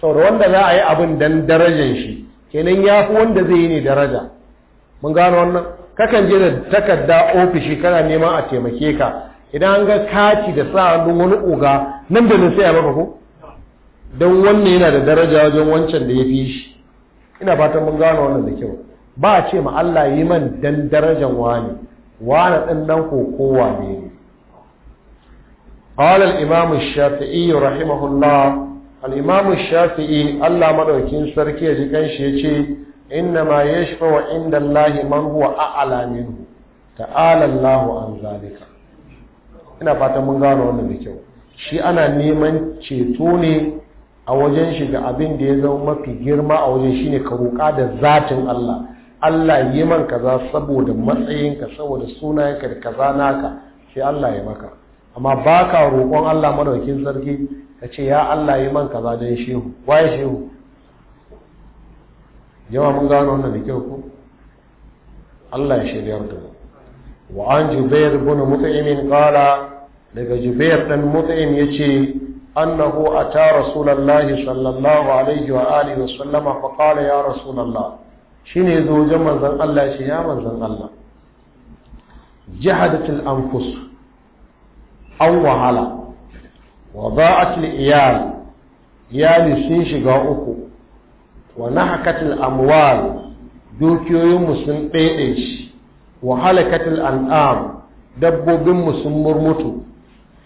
saboda wanda za a yi abin don darajar shi kenan ya fi wanda zai yi ne daraja mun gano wannan kakan je da takarda ofishi kana neman a taimake ka idan an ga kati da sa hannun wani oga nan da nan sai a maka ko don wannan yana da daraja wajen wancan da ya fi shi ina fata mun gano wannan da kyau ba a ce ma Allah yi man dan darajar wani wani dan dan kokowa ne qala al-imam ash-shafi'i rahimahullah al shafii Allah madaukin sarki ji kan shi yace inna ma yashfa wa inda Allah man huwa a'la minhu ta'ala Allah an mun gano wannan da kyau shi ana neman ceto ne a wajen shi abin da ya zama mafi girma a wajen shine ka roƙa da zatin Allah Allah yi man kaza saboda matsayinka saboda sunayenka da kaza naka sai Allah ya maka amma baka roƙon Allah madaukin sarki ka ce ya Allah yi man kaza dan shehu waye shehu yawa mun gano wannan da kyau ko Allah ya shirya da mu wa an jubair ibn mut'im qala daga jubair dan mut'im yace أنه أتى رسول الله صلى الله عليه وآله وسلم فقال يا رسول الله شيني ذو جمع زن الله شيا من زن الله جهدت الأنفس أو وهلا وضاعت الإيال يالي سنش غاؤكو ونحكت الأموال دوكيو يوم سنقيش وهلكت الأنعام دبو بم سمرمتو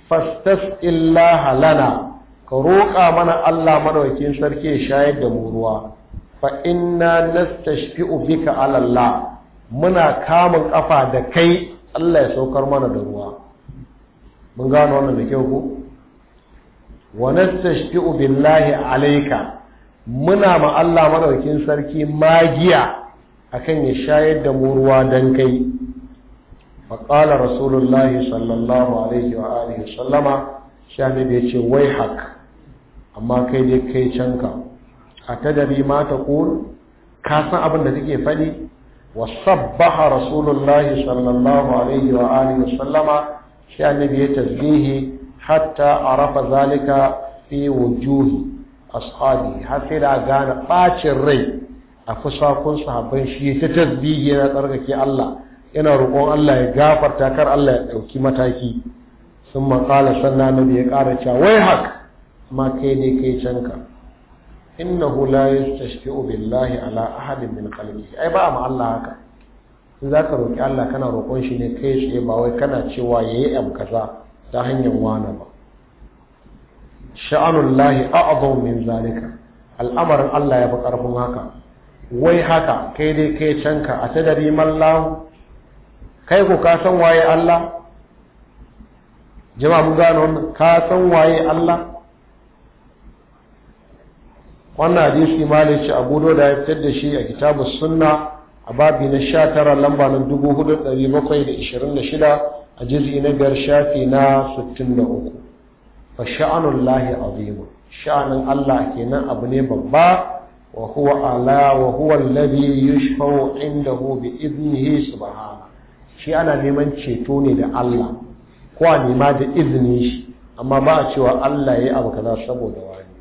Fastas illaha lana ka roƙa mana Allah madaukakin sarki ya shayar da mu ruwa fa inna nastashfi'u bika ala Allah muna kamun kafa da kai Allah ya saukar mana da ruwa mun gano wannan da kyau ko wa nastashfi'u billahi alayka muna ma Allah madaukakin sarki magiya akan ya shayar da mu ruwa dan kai faƙala rasulullahi sallallahu alaihi wa alihi sallama sha ne da ce wai hak amma kai dai kai canka a tadari ma ta ƙul ka san abin da take faɗi wa sabbaha rasulullahi sallallahu alaihi wa alihi sallama sha ne da tasbihi hatta arafa zalika fi wujuhi ashabi har sai da gane bacin rai a fusakun sahabban shi ta tasbihi na tsarkake Allah yana roƙon Allah ya gafarta kar Allah ya ɗauki mataki sun maƙala sannan na ya ƙara cewa wai hak ma kai ne kai canka innahu la yastashfi'u lahi ala ahadin min qalbihi ai ba ma Allah haka in ka roƙi Allah kana roƙon shi ne kai tsaye ba wai kana cewa ya yi abu kaza ta hanyar wani ba sha'anullahi abu min zalika al'amarin Allah ya fi ƙarfin haka wai haka kai dai kai canka a tadari mallahu kai ko ka san waye Allah jama'a mun gano wannan ka san waye Allah wannan hadisi malici abu da ya fitar da shi a kitabu sunna a babi na 19 lamba na 4726 a juz'i na biyar shafi na 63 fa sha'anul lahi azim sha'anin Allah kenan abu ne babba wa huwa ala wa huwa alladhi yashfa'u indahu bi idnihi subhanahu shi ana neman ceto ne da Allah ko a nema da izinin shi amma ba a cewa Allah ya yi abu kaza saboda wani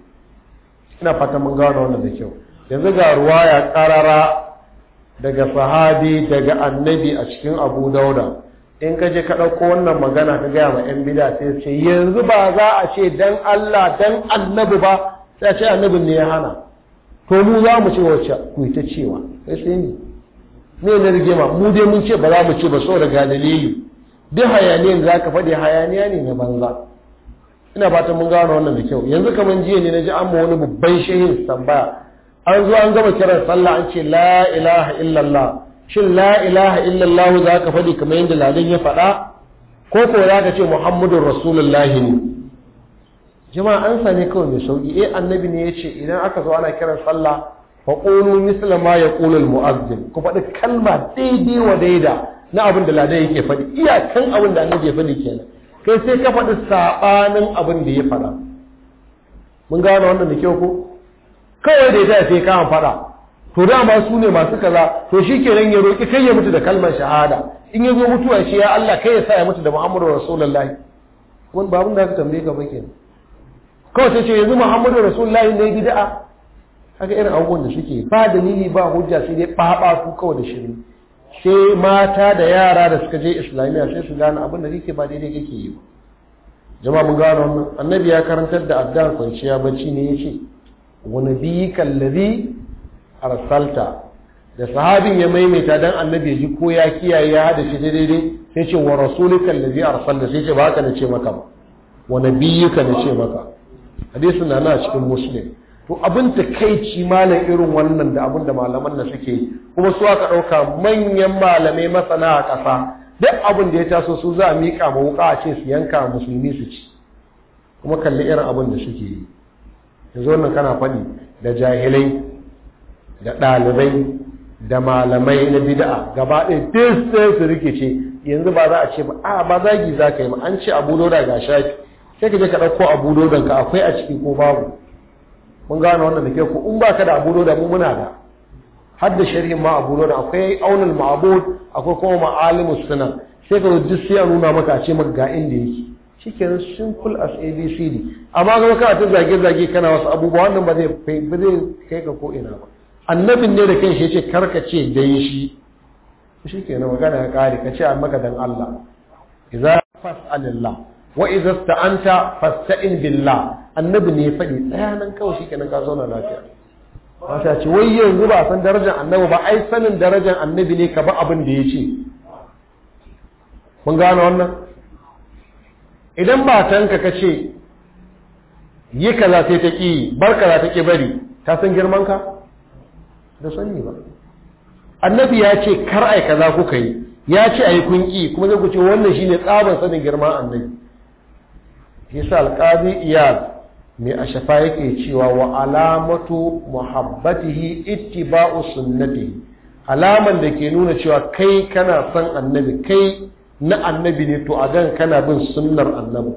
ina fata mun gano wannan da kyau yanzu ga ruwa ya karara daga sahabi daga annabi a cikin abu dauda in ka je ka ɗauko wannan magana ka gaya ma 'yan bida sai ce yanzu ba za a ce dan Allah dan annabi ba sai a ce annabin ne ya hana to mu za mu ce wacce ku ita cewa sai sai ne me na rigima mu dai mun ce ba za mu ce ba saboda ga dalili duk hayaniyan da faɗi hayaniya ne na banza ina fata mun gano wannan da kyau yanzu kaman jiya ne naji an ma wani babban shehin tambaya an zo an gama kiran sallah an ce la ilaha illallah shin la ilaha illallah za ka faɗi kamar yadda lalin ya faɗa ko ko za ka ce muhammadun rasulullahi ne jama'a an sami kawai mai sauƙi eh annabi ne ya ce idan aka zo ana kiran sallah fa qulu misla ma yaqulu al-mu'azzin ku faɗi kalma daidai wa daida na abin da ladan yake faɗi iyakan abin da annabi ya faɗi kenan kai sai ka faɗi sabanin abin da ya faɗa mun gane wannan da kyau ko kawai da ya sai ka faɗa to dama su ne masu kaza to shi kenan ya roƙi kai ya mutu da kalmar shahada in ya zo mutuwa shi ya Allah kai ya sa ya mutu da Muhammadu Rasulullahi wani babun da aka tambaye ka ba kenan kawai sai ce yanzu Muhammadu Rasulullahi ne bid'a haka irin abubuwan da suke ba dalili ba hujja sai dai ɓaɓa su kawai da shiri. sai mata da yara da suka je islamiyya sai su gane abin da yake ba daidai kake yi ba jama'a mun gano wannan annabi ya karantar da addan kwanciya bacci ne yace wa nabiyika allazi arsalta da sahabin ya maimaita dan annabi ji ko ya kiyaye ya hada shi daidai sai ce wa rasulika allazi arsalta sai ce ba haka nace maka ba wa nabiyika nace maka hadisin na na cikin muslim to abin takeici malam irin wannan da abin da malaman na suke kuma su aka ɗauka manyan malamai masana a ƙasa duk abin da ya taso su za a miƙa ma wuƙa a ce su yanka musulmi su ci kuma kalli irin abin da suke yi yanzu wannan kana faɗi da jahilai da ɗalibai da malamai na bid'a gaba ɗaya duk sai su rikice yanzu ba za a ce ba a ba zagi za ka yi ba an ce abu loda ga shafi sai ka je ka ɗauko abu lodan ka akwai a ciki ko babu mun gane wannan da ke ku in baka da abu da mu muna da har da sharhin ma abu da akwai aunul ma'bud akwai kuma ma'alimu sunan sai ka duk sai an nuna maka a ce maka ga inda yake shikenan simple as abcd amma ga ka ta zage zage kana wasu abubuwa wannan ba zai ba kai ka ko ina ba annabin ne da shi yace karka ce dan shi shikenan magana ya kare ka ce a maka dan Allah idza fas'alillah wa idza sta'anta fasta'in billah annabi ne ya faɗi tsaya nan kawai shikenan ka zauna lafiya mata ce wai yanzu ba san darajar annabi ba ai sanin darajar annabi ne ka ba abin da ya ce mun gano wannan idan matanka ka ce yi kaza sai ta ƙi bar kaza ta ƙi bari ta san girman ka da sani ba annabi ya ce kar ai kaza kuka yi ya ce ai kun ki kuma zai ku ce wannan shine tsaban sanin girman annabi yasa alƙadi iyal mai ashafa yake cewa wa alamatu muhabbatihi ittiba'u sunnati alaman da ke nuna cewa kai kana son annabi kai na annabi ne to a gan kana bin sunnar annabi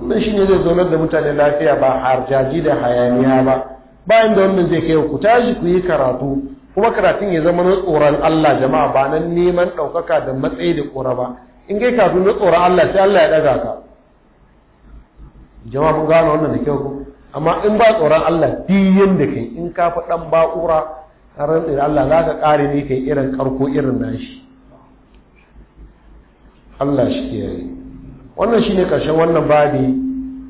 wannan ne zai zaunar da mutane lafiya ba harjaji da hayaniya ba bayan da wannan zai kai ku tashi ku yi karatu kuma karatun ya zama na tsoron Allah jama'a ba nan neman ɗaukaka da matsayi da ƙora ba in kai kafin na tsoron Allah sai Allah ya ɗaga ka jama'a mun gano wannan da kyau ko amma in ba tsoron Allah diyin da kai in ka fi dan ba'ura ran da Allah za ka kare ne kai irin karko irin nashi Allah shi ke yi wannan shine karshen wannan babi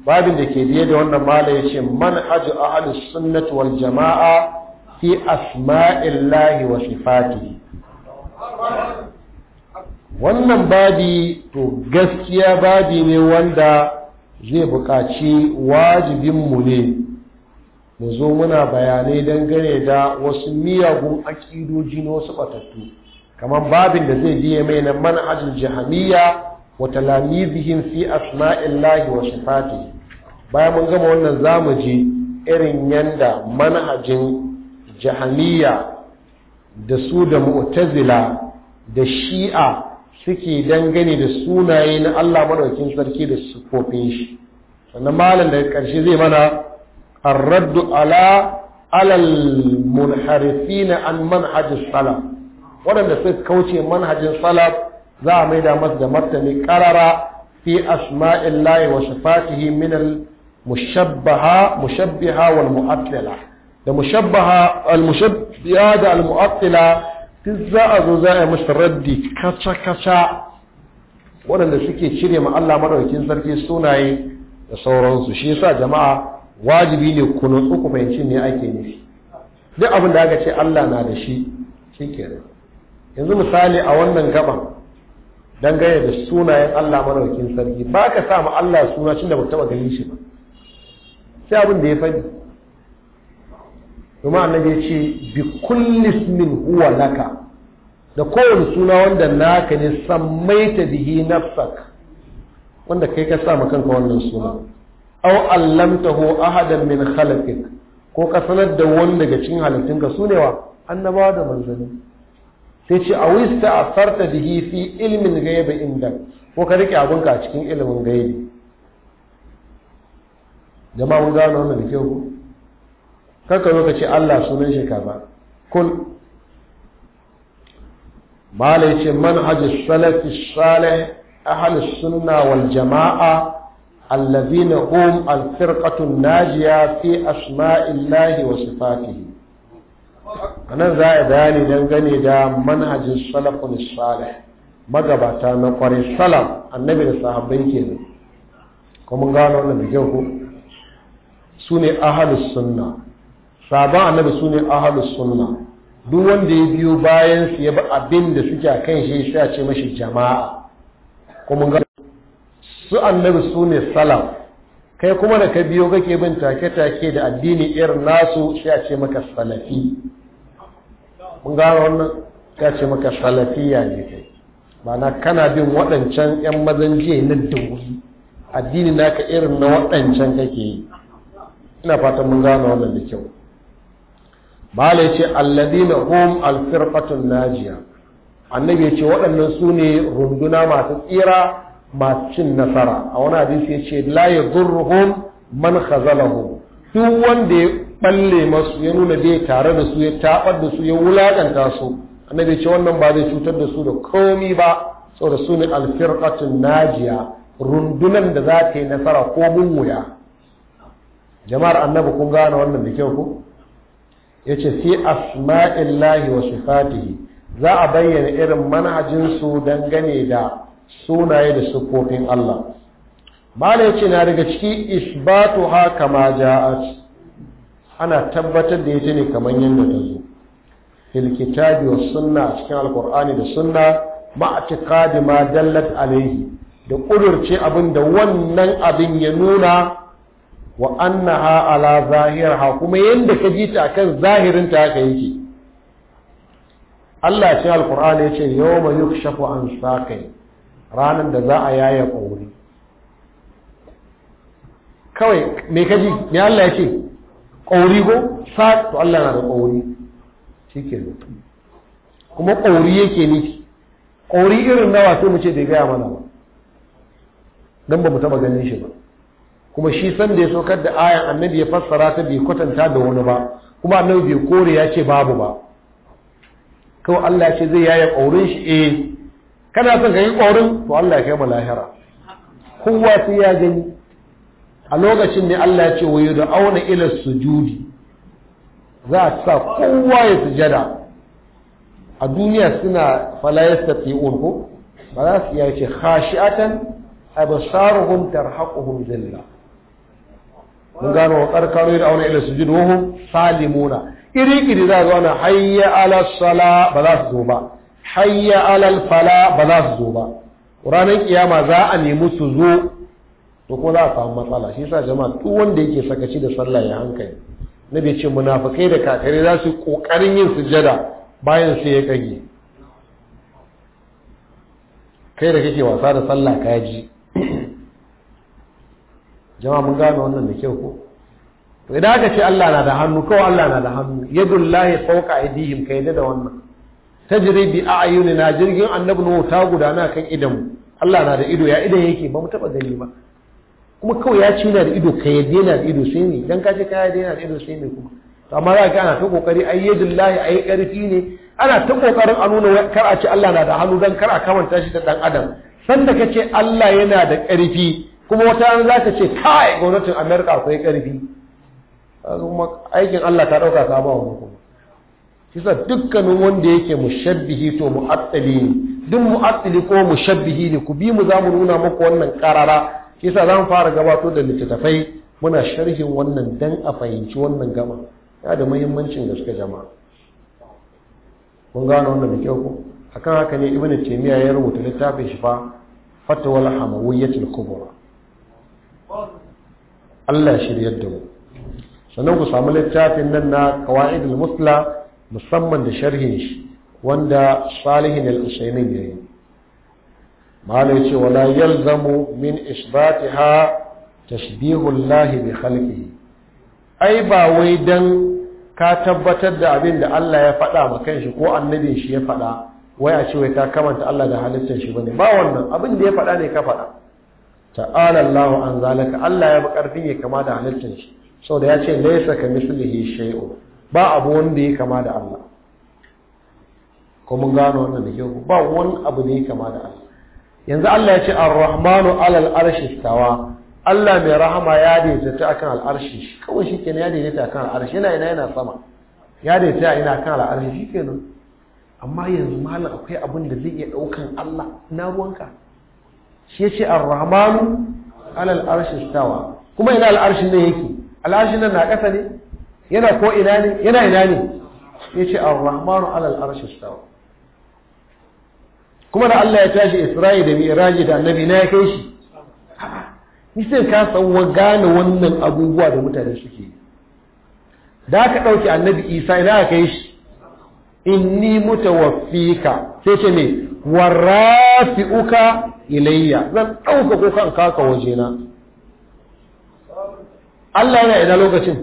babin da ke biye da wannan mala yace manhaj ahlus sunnati wal jamaa fi asma'illahi wa sifatihi wannan babi to gaskiya babi ne wanda zai buƙaci wajibinmu ne mu zo muna bayanai dangane da wasu miyagun aƙidoji na wasu ɓatattu kamar babin da zai biya mai na manhajin jahamiya wa talamizihin fi asma'illahi wa sifati bayan mun gama wannan zamu je irin yanda manhajin jahamiya da su da mu'tazila da shi'a suke dangane da sunaye na Allah madaukin sarki da sufofin shi sannan malam daga ƙarshe zai mana arraddu ala alal munharifina an manhajis salaf waɗanda suka kauce manhajin salaf za a maida masa da martani ƙarara fi asma'illahi wa sifatihi min al mushabbaha mushabbiha wal mu'attila da mushabbaha al mushabbiha da al mu'attila duk za a zo za a yi masa raddi kaca-kaca waɗanda suke cire ma Allah maɗaukin sarki sunaye da sauransu shi yasa jama'a wajibi ne kuna uku ne fahimci ne ake nufi duk abin da aka ce Allah na da shi shi shikenan yanzu misali a wannan gaban dangane da sunayen Allah maɗaukin sarki ba ka sa ma Allah suna cin da ba taɓa ganin shi ba sai abin da ya fadi kuma annabi ya ce bi kulli ismin huwa laka da kowane suna wanda naka ne sammaita bihi nafsak wanda kai ka sa kanka wannan suna aw allamtahu ahadan min khalqik ko ka sanar da wani daga cikin halittunka sune wa annabawa da manzanni sai ce a wista a farta bihi fi ilmin gaibi inda ko ka rike abinka a cikin ilimin gaibi jama'a mun gano wannan da kyau kaka zo ka ce Allah sunan shi kaza kun mala yace manhaj salafi salih ahli sunna wal jamaa alladhina hum al firqatu najiya fi asma'illahi wa sifatihi anan za a bayani dangane da manhajin salafun salih magabata na kwarai salaf annabi da sahabbai kenan kuma gano wannan da kyau ko su ne ahalus sunna sabon annabi su ne ahalus sunna duk wanda ya biyo bayan su ya bi abin da suke a kan shi sai a ce mashi jama'a kuma ga su annabi su ne Salam kai kuma da ka biyo kake bin take-take da addini irin nasu sai a ce maka salafi mun gano wannan sai a ce maka salafiya ne kai ma'ana kana bin waɗancan 'yan mazan jiya na dawuri addini naka irin na waɗancan kake yi ina fatan mun gano wannan da kyau bala ce alladina hum alfirqatun najiya annabi yace waɗannan su ne runduna masu tsira masu cin nasara a wani hadisi yace la yadurruhum man khazalahum duk wanda ya balle masu ya nuna bai tare da su ya tabar da su ya wulakanta su annabi ce wannan ba zai cutar da su da komi ba saboda su ne alfirqatun najiya rundunan da za ta yi nasara ko mun wuya jama'ar annabi kun gane wannan da kyau ko yace fi asma'illahi wa sifatihi za a bayyana irin manhajinsu su dangane da sunaye da sufofin Allah mala yace na daga ciki ha kama ja'at ana tabbatar da yace ne kaman yadda ta zo fil kitabi was sunna cikin alqur'ani da sunna ma'atiqadi ma dallat alayhi da kudurce abin da wannan abin ya nuna wa annaha ala zahirha kuma yanda ka ji ta kan zahirin ta haka yake Allah ya ce ya ce yawma yukshafu an saqi ranan da za a yaya kauri kawai me ka ji me Allah ya ce kauri go sa to Allah na da kauri ne kuma kauri yake nufi kauri irin nawa sai mu ce bai gaya mana ba dan ba mu taba ganin shi ba kuma shi san da ya saukar da ayan annabi ya fassara ta bai kwatanta da wani ba kuma annabi bai kore ya ce babu ba kawai Allah ya ce zai yaya ƙaurin shi eh kana son ka yi ƙaurin to Allah ya kai mu lahira kowa sai ya gani a lokacin ne Allah ya ce wa da auna ila sujudi za a sa kowa ya sujada a duniya suna falayasta fi ko ba za su ya ce khashi'atan absaruhum tarhaquhum zillah mun gano wa karkaro da auna ila sujud wahum salimuna iri kidi za zo na hayya ala sala ba za su zo ba hayya ala fala ba za su zo ba ranar kiyama za a nemi su zo to ko za a samu matsala shi yasa jama'a duk wanda yake sakaci da sallah ya hankali nabi ce munafikai da kakare za su kokarin yin sujada bayan sai ya kage kai da kake wasa da sallah kaji jama'a mun gane wannan da kyau ko to idan aka ce Allah na da hannu kawai Allah na da hannu yadullahi fawqa aydihim kai da da wannan tajri bi a'yunina jirgin annabi nuhu ta gudana kan idan Allah na da ido ya idan yake ba mu taba gani ba kuma kawai ya ci da ido kai yadda yana da ido sai ne dan ka ce kai yana da ido sai ne kuma to amma za ka ana ta kokari ai yadullahi ai karfi ne ana ta kokarin a nuna kar a ce Allah na da hannu dan kar a kamanta shi da dan adam sanda kace Allah yana da karfi kuma wata yana za ta ce kai gwamnatin amerika akwai karfi aikin allah ta ɗauka ta ba wani kuma kisa dukkanin wanda yake mushabbihi to mu'attali ne duk mu'attali ko mu shabbihi ne ku bi mu za mu nuna muku wannan karara kisa za mu fara gabato da littattafai muna sharhin wannan dan a fahimci wannan gama ya da muhimmancin gaske jama'a kun gane wannan da kyau ko akan haka ne ibnu taymiya ya rubuta littafin shifa fatwal hamawiyyatul kubra Allah shiryar da mu sannan ku samu littafin nan na qawaid musla musamman da sharhin shi wanda salihin al-usaymin yayi malai ce la yalzamu min isbatiha tashbihu Allah bi khalqihi ai ba wai dan ka tabbatar da abin da Allah ya faɗa ma kanshi ko annabin shi ya faɗa wai a ce wai ka kamanta Allah da halittar shi bane ba wannan abin da ya faɗa ne ka faɗa ta'ala Allahu an zalika Allah ya bi karfin ya kama da halittar shi saboda ya ce laysa ka mislihi shay'un ba abu wanda ya kama da Allah ko mun gano wannan da kyau ba wani abu da ya kama da Allah yanzu Allah ya ce ar-rahmanu alal arshi stawa Allah mai rahama ya ta akan al'arshi shi kawai shi kenan ya daidaita akan al'arshi yana ina yana sama ya daidaita ina akan al'arshi shi kenan amma yanzu malam akwai abin da zai iya daukan Allah na ruwanka shi yace ar-rahmanu alal arshi stawa kuma ina al'arshin ne yake al'arshin nan na ƙasa ne yana ko ina ne yana ina ne yace ar-rahmanu alal arshi stawa kuma da Allah ya tashi Isra'i da Mi'raji da Annabi na ya kai shi ni sai ka san wa gane wannan abubuwa da mutane suke da aka dauki Annabi Isa ina ka kai shi inni mutawaffika sai ce me warafi'uka ilayya zan ɗauka ko kan kaka wajena Allah yana ina lokacin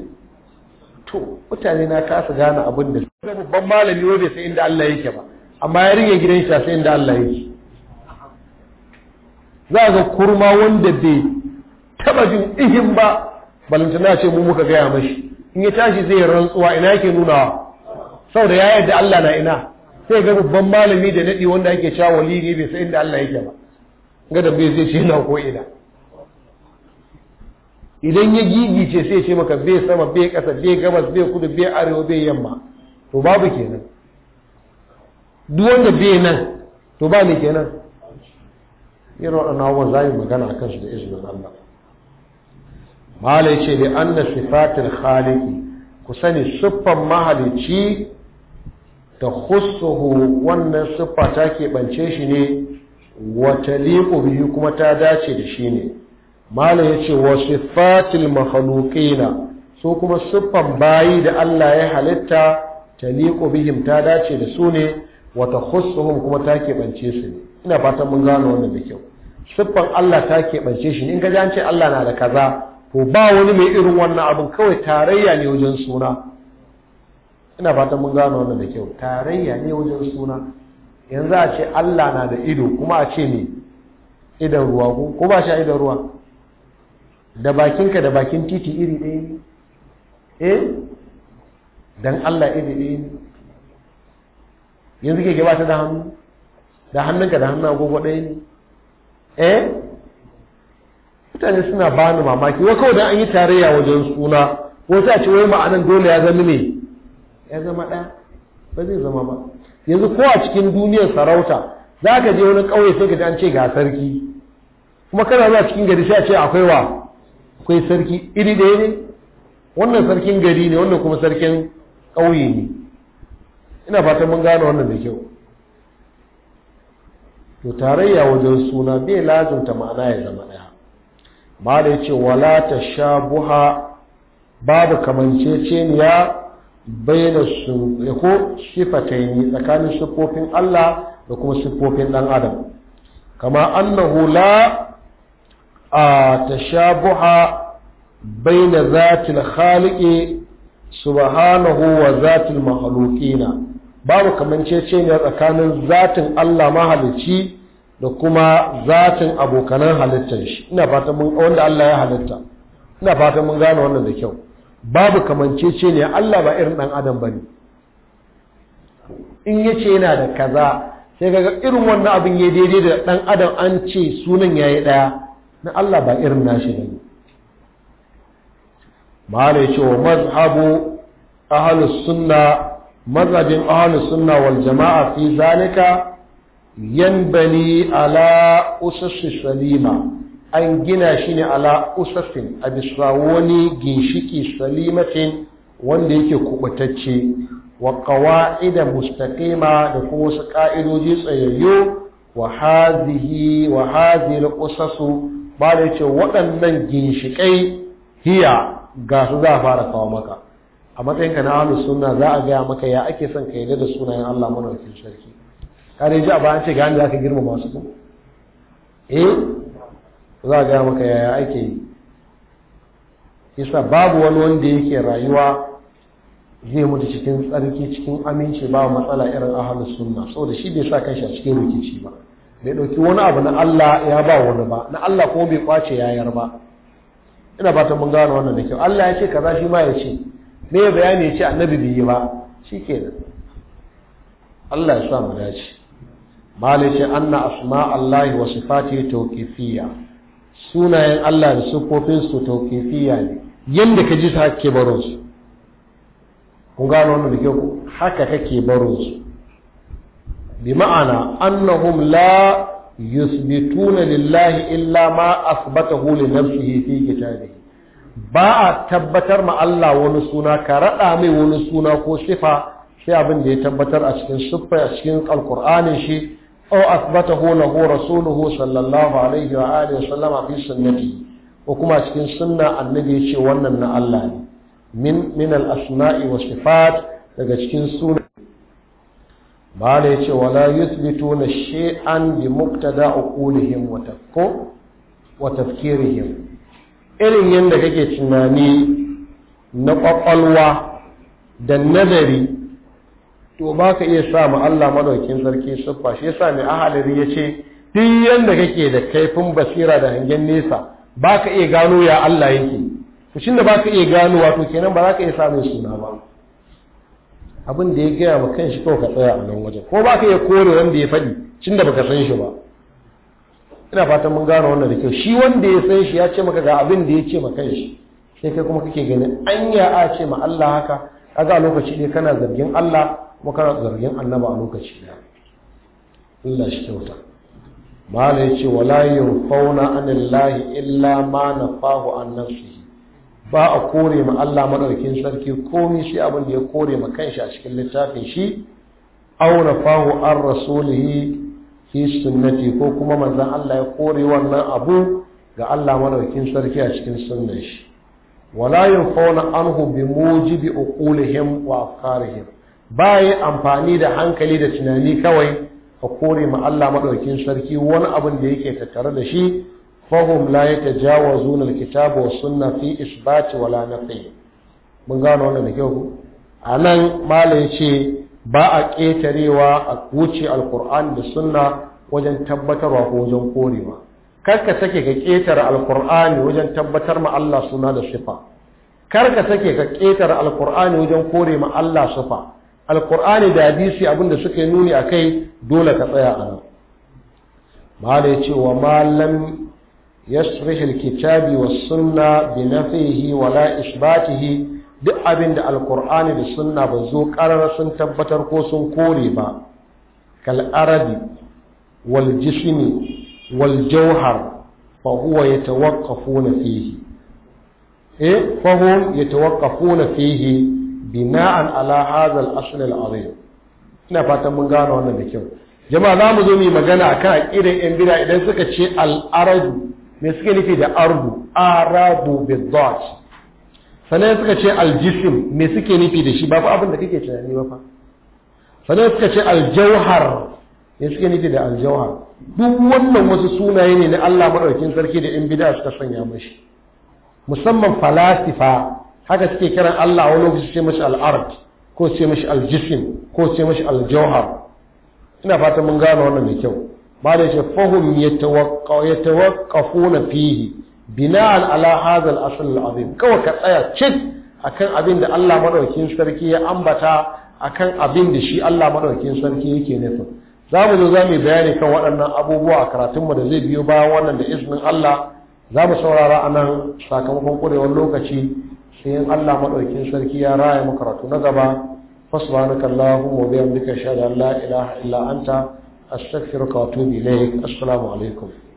to mutane na kasa gane abin da sai babban malami wai bai sai inda Allah yake ba amma ya rige gidan shi sai inda Allah yake za ga kurma wanda bai taba jin ihin ba balantana ce mu muka gaya mashi in ya tashi zai rantsuwa ina yake nunawa da ya yarda Allah na ina sai ga babban malami da nadi wanda yake cewa wali ne bai sai inda Allah yake ba ga da bai sai ce yana ko ina idan ya gigice sai ce maka bai sama bai kasa bai gabas bai kudu bai arewa bai yamma to babu kenan duk wanda bai nan to ba ne kenan yana waɗannan abubuwan za yi magana a kansu da izinin Allah malai ce da an na sifatin khaliki ku sani siffan mahalici ta husuhu wannan siffa ta keɓance shi ne wata liƙo biyu kuma ta dace da shi ne mala ya ce wa sifatil mahalukina so kuma siffan bayi da Allah ya halitta ta liƙo bihim ta dace da su ne wata khussuhum kuma ta keɓance su ne ina fatan mun gano wannan da kyau siffan Allah ta keɓance shi ne in ka an ce Allah na da kaza to ba wani mai irin wannan abin kawai tarayya ne wajen suna ina fatan mun gano wannan da kyau tarayya ne wajen suna yanzu a ce Allah na da ido kuma a ce ne idan ruwa ko ba shi a idan ruwa da bakinka da bakin titi iri ɗaya ne eh dan Allah iri ɗaya ne yanzu ke ta da hannu da hannunka da hannun agogo ɗaya ne eh mutane suna ba ni mamaki wa kawai da an yi tarayya wajen suna wasu a ce wai ma'anan dole ya zama ne ya zama ɗaya ba zai zama ba yanzu ko a cikin duniyar sarauta za ka je wani ƙauye sai ka ji an ce ga sarki kuma kana zuwa cikin gari sai a ce akwai wa akwai sarki iri ɗaya ne wannan sarkin gari ne wannan kuma sarkin ƙauye ne ina fatan mun gane wannan da kyau to tarayya wajen suna bai lazumta ma'ana ya zama ɗaya ma da ya ce wala ta sha buha babu kamanceceniya Baina su ko sifataini tsakanin siffofin Allah da kuma siffofin ɗan adam kama annahu la a tashabuha baina zatil khaliqi subhanahu wa zatil makhluqina babu kamancece ne tsakanin zatin Allah mahalicci da kuma zatin abokanan halittar shi ina fata mun wanda Allah ya halitta ina fata mun gane wannan da kyau babu kamancece ne Allah ba irin ɗan adam bane in yace yana da kaza sai kaga irin wannan abin ya daidai da ɗan adam an ce sunan ya yi ɗaya, na Allah ba irin nashi bane malai ce wa mazhabu ahalus sunna mazhabin ahlus sunna wal jama'a fi zalika yanbani ala usus salima an gina shi ne ala usafin a bisa wani ginshiki salimatin wanda yake kubutacce wa kawa'ida mustaqima da kuma wasu ka'idoji tsayayyo wa kusasu wa hazihi ba da ce waɗannan ginshiƙai hiya ga su za fara kawo maka a matsayin ka na ahlus suna za a gaya maka ya ake son kai yarda da sunayen Allah madaukakin sarki kare ji a bayan ce ga za zaka girma masu eh za a gaya maka yaya ake yi isa babu wani wanda yake rayuwa zai mutu cikin tsarki cikin aminci ba matsala irin ahalus sunna da shi bai sa kanshi a cikin rikici ba bai ɗauki wani abu na Allah ya ba wani ba na Allah kuma bai kwace yayar ba ina ta mun gano wannan da kyau Allah ya ce kaza shi ma ya ce me ya bayani ya ce annabi bai yi ba shikenan Allah ya sa mu dace malai ce anna asma wasu wa ta tawqifiyya sunayen Allah da siffofin su taukifiya ne Yadda ka ji ta ke baro su kun gano wannan da kyau haka kake baro su bi ma'ana annahum la yusbituna lillahi illa ma asbatahu li nafsihi fi kitabihi ba a tabbatar ma Allah wani suna ka rada mai wani suna ko sifa sai abin da ya tabbatar a cikin sufai a cikin alkur'anin shi او اثبته له رسوله صلى الله عليه واله وسلم في سنته وكما cikin sunna annabi yace wannan na Allah ne min min al asma'i wa daga cikin sunna bale yace wala yuthbitu na shay'an bi muqtada uqulihim wa tafku wa tafkirihim irin yanda kake tunani na kwakwalwa da nazari to ba ka iya sa ma Allah madaukin sarki siffa shi yasa mai ahalari ya ce duk yanda kake da kaifin basira da hangen nesa ba ka iya gano ya Allah yake to shin da ba ka iya gano wato kenan ba za ka iya sa mai suna ba abin da ya gaya ma kanshi kawai ka tsaya a nan wajen ko ba ka iya kore wanda ya faɗi shin da baka san shi ba ina fatan mun gano wannan da kyau shi wanda ya san shi ya ce maka ga abin da ya ce ma kanshi sai kai kuma kake ganin anya a ce ma Allah haka kaga lokaci ne kana zargin Allah kuma zargin annaba a lokaci daya illa shi kyauta mala ce wala fauna anillahi illa ma nafahu an nafsihi ba a kore ma Allah madaukakin sarki komi shi abin da ya kore ma kanshi a cikin littafin shi aw fahu an rasulihi fi sunnati ko kuma manzon Allah ya kore wannan abu ga Allah madaukakin sarki a cikin sunnan shi wala yunfauna anhu bi mujibi uqulihim wa afkarihim ba yi amfani da hankali da tunani kawai a kore ma Allah maɗaukin sarki wani abin da yake tattare da shi fahim la ya tajawazu na wa sunna fi wa wala nafi mun gano wannan da kyau a nan mala ce ba a ƙetarewa a wuce alquran da sunna wajen tabbatarwa ko wajen korewa karka sake ka ƙetare alquran wajen tabbatar ma Allah suna da sifa karka sake ka ƙetare alkur'ani wajen kore ma Allah sifa alkur'ani da hadisi abinda suka yi nuni a kai dole ka tsaya a nan ma da ya ce wa malam yasrih alkitabi wa sunna bi nafihi wa la isbatihi duk abin da alkur'ani da sunna ba zo karar sun tabbatar ko sun kore ba kal arabi wal jismi wal jawhar fa huwa yatawaqqafuna fihi eh fa hum yatawaqqafuna fihi bina'an ala hazal asl al ina fatan mun gano wannan da kyau jama'a za mu zo mu yi magana akan irin yan bid'a idan suka ce al-ardu me suke nufi da ardu arabu bidat sannan suka ce al-jism me suke nufi da shi ba fa abin da kake tunani ba fa sannan suka ce al-jawhar me suke nufi da al-jawhar duk wannan wasu sunaye ne na Allah madaukin sarki da yan bid'a suka sanya mashi musamman falasifa haka suke kiran Allah wani lokaci su ce mashi al'ard ko ce mashi aljisim ko su ce mashi ina fatan mun gane wannan mai kyau ba da yake fahum yatawaqqafuna fihi bina'an ala hadha al-asl al-azim kawai ka tsaya cik akan abin da Allah madaukakin sarki ya ambata akan abin da shi Allah maɗaukin sarki yake nufi za mu zo za mu bayani kan waɗannan abubuwa a karatunmu da zai biyo bayan wannan da izinin Allah za mu saurara a nan sakamakon ƙurewar lokaci sai yin Allah maɗaukin sarki ya raya maka ratu na gaba fasbanaka Allahun wa biyan duka la'ilaha Allah ila'anta a safirka wato bilai assalamu alaikum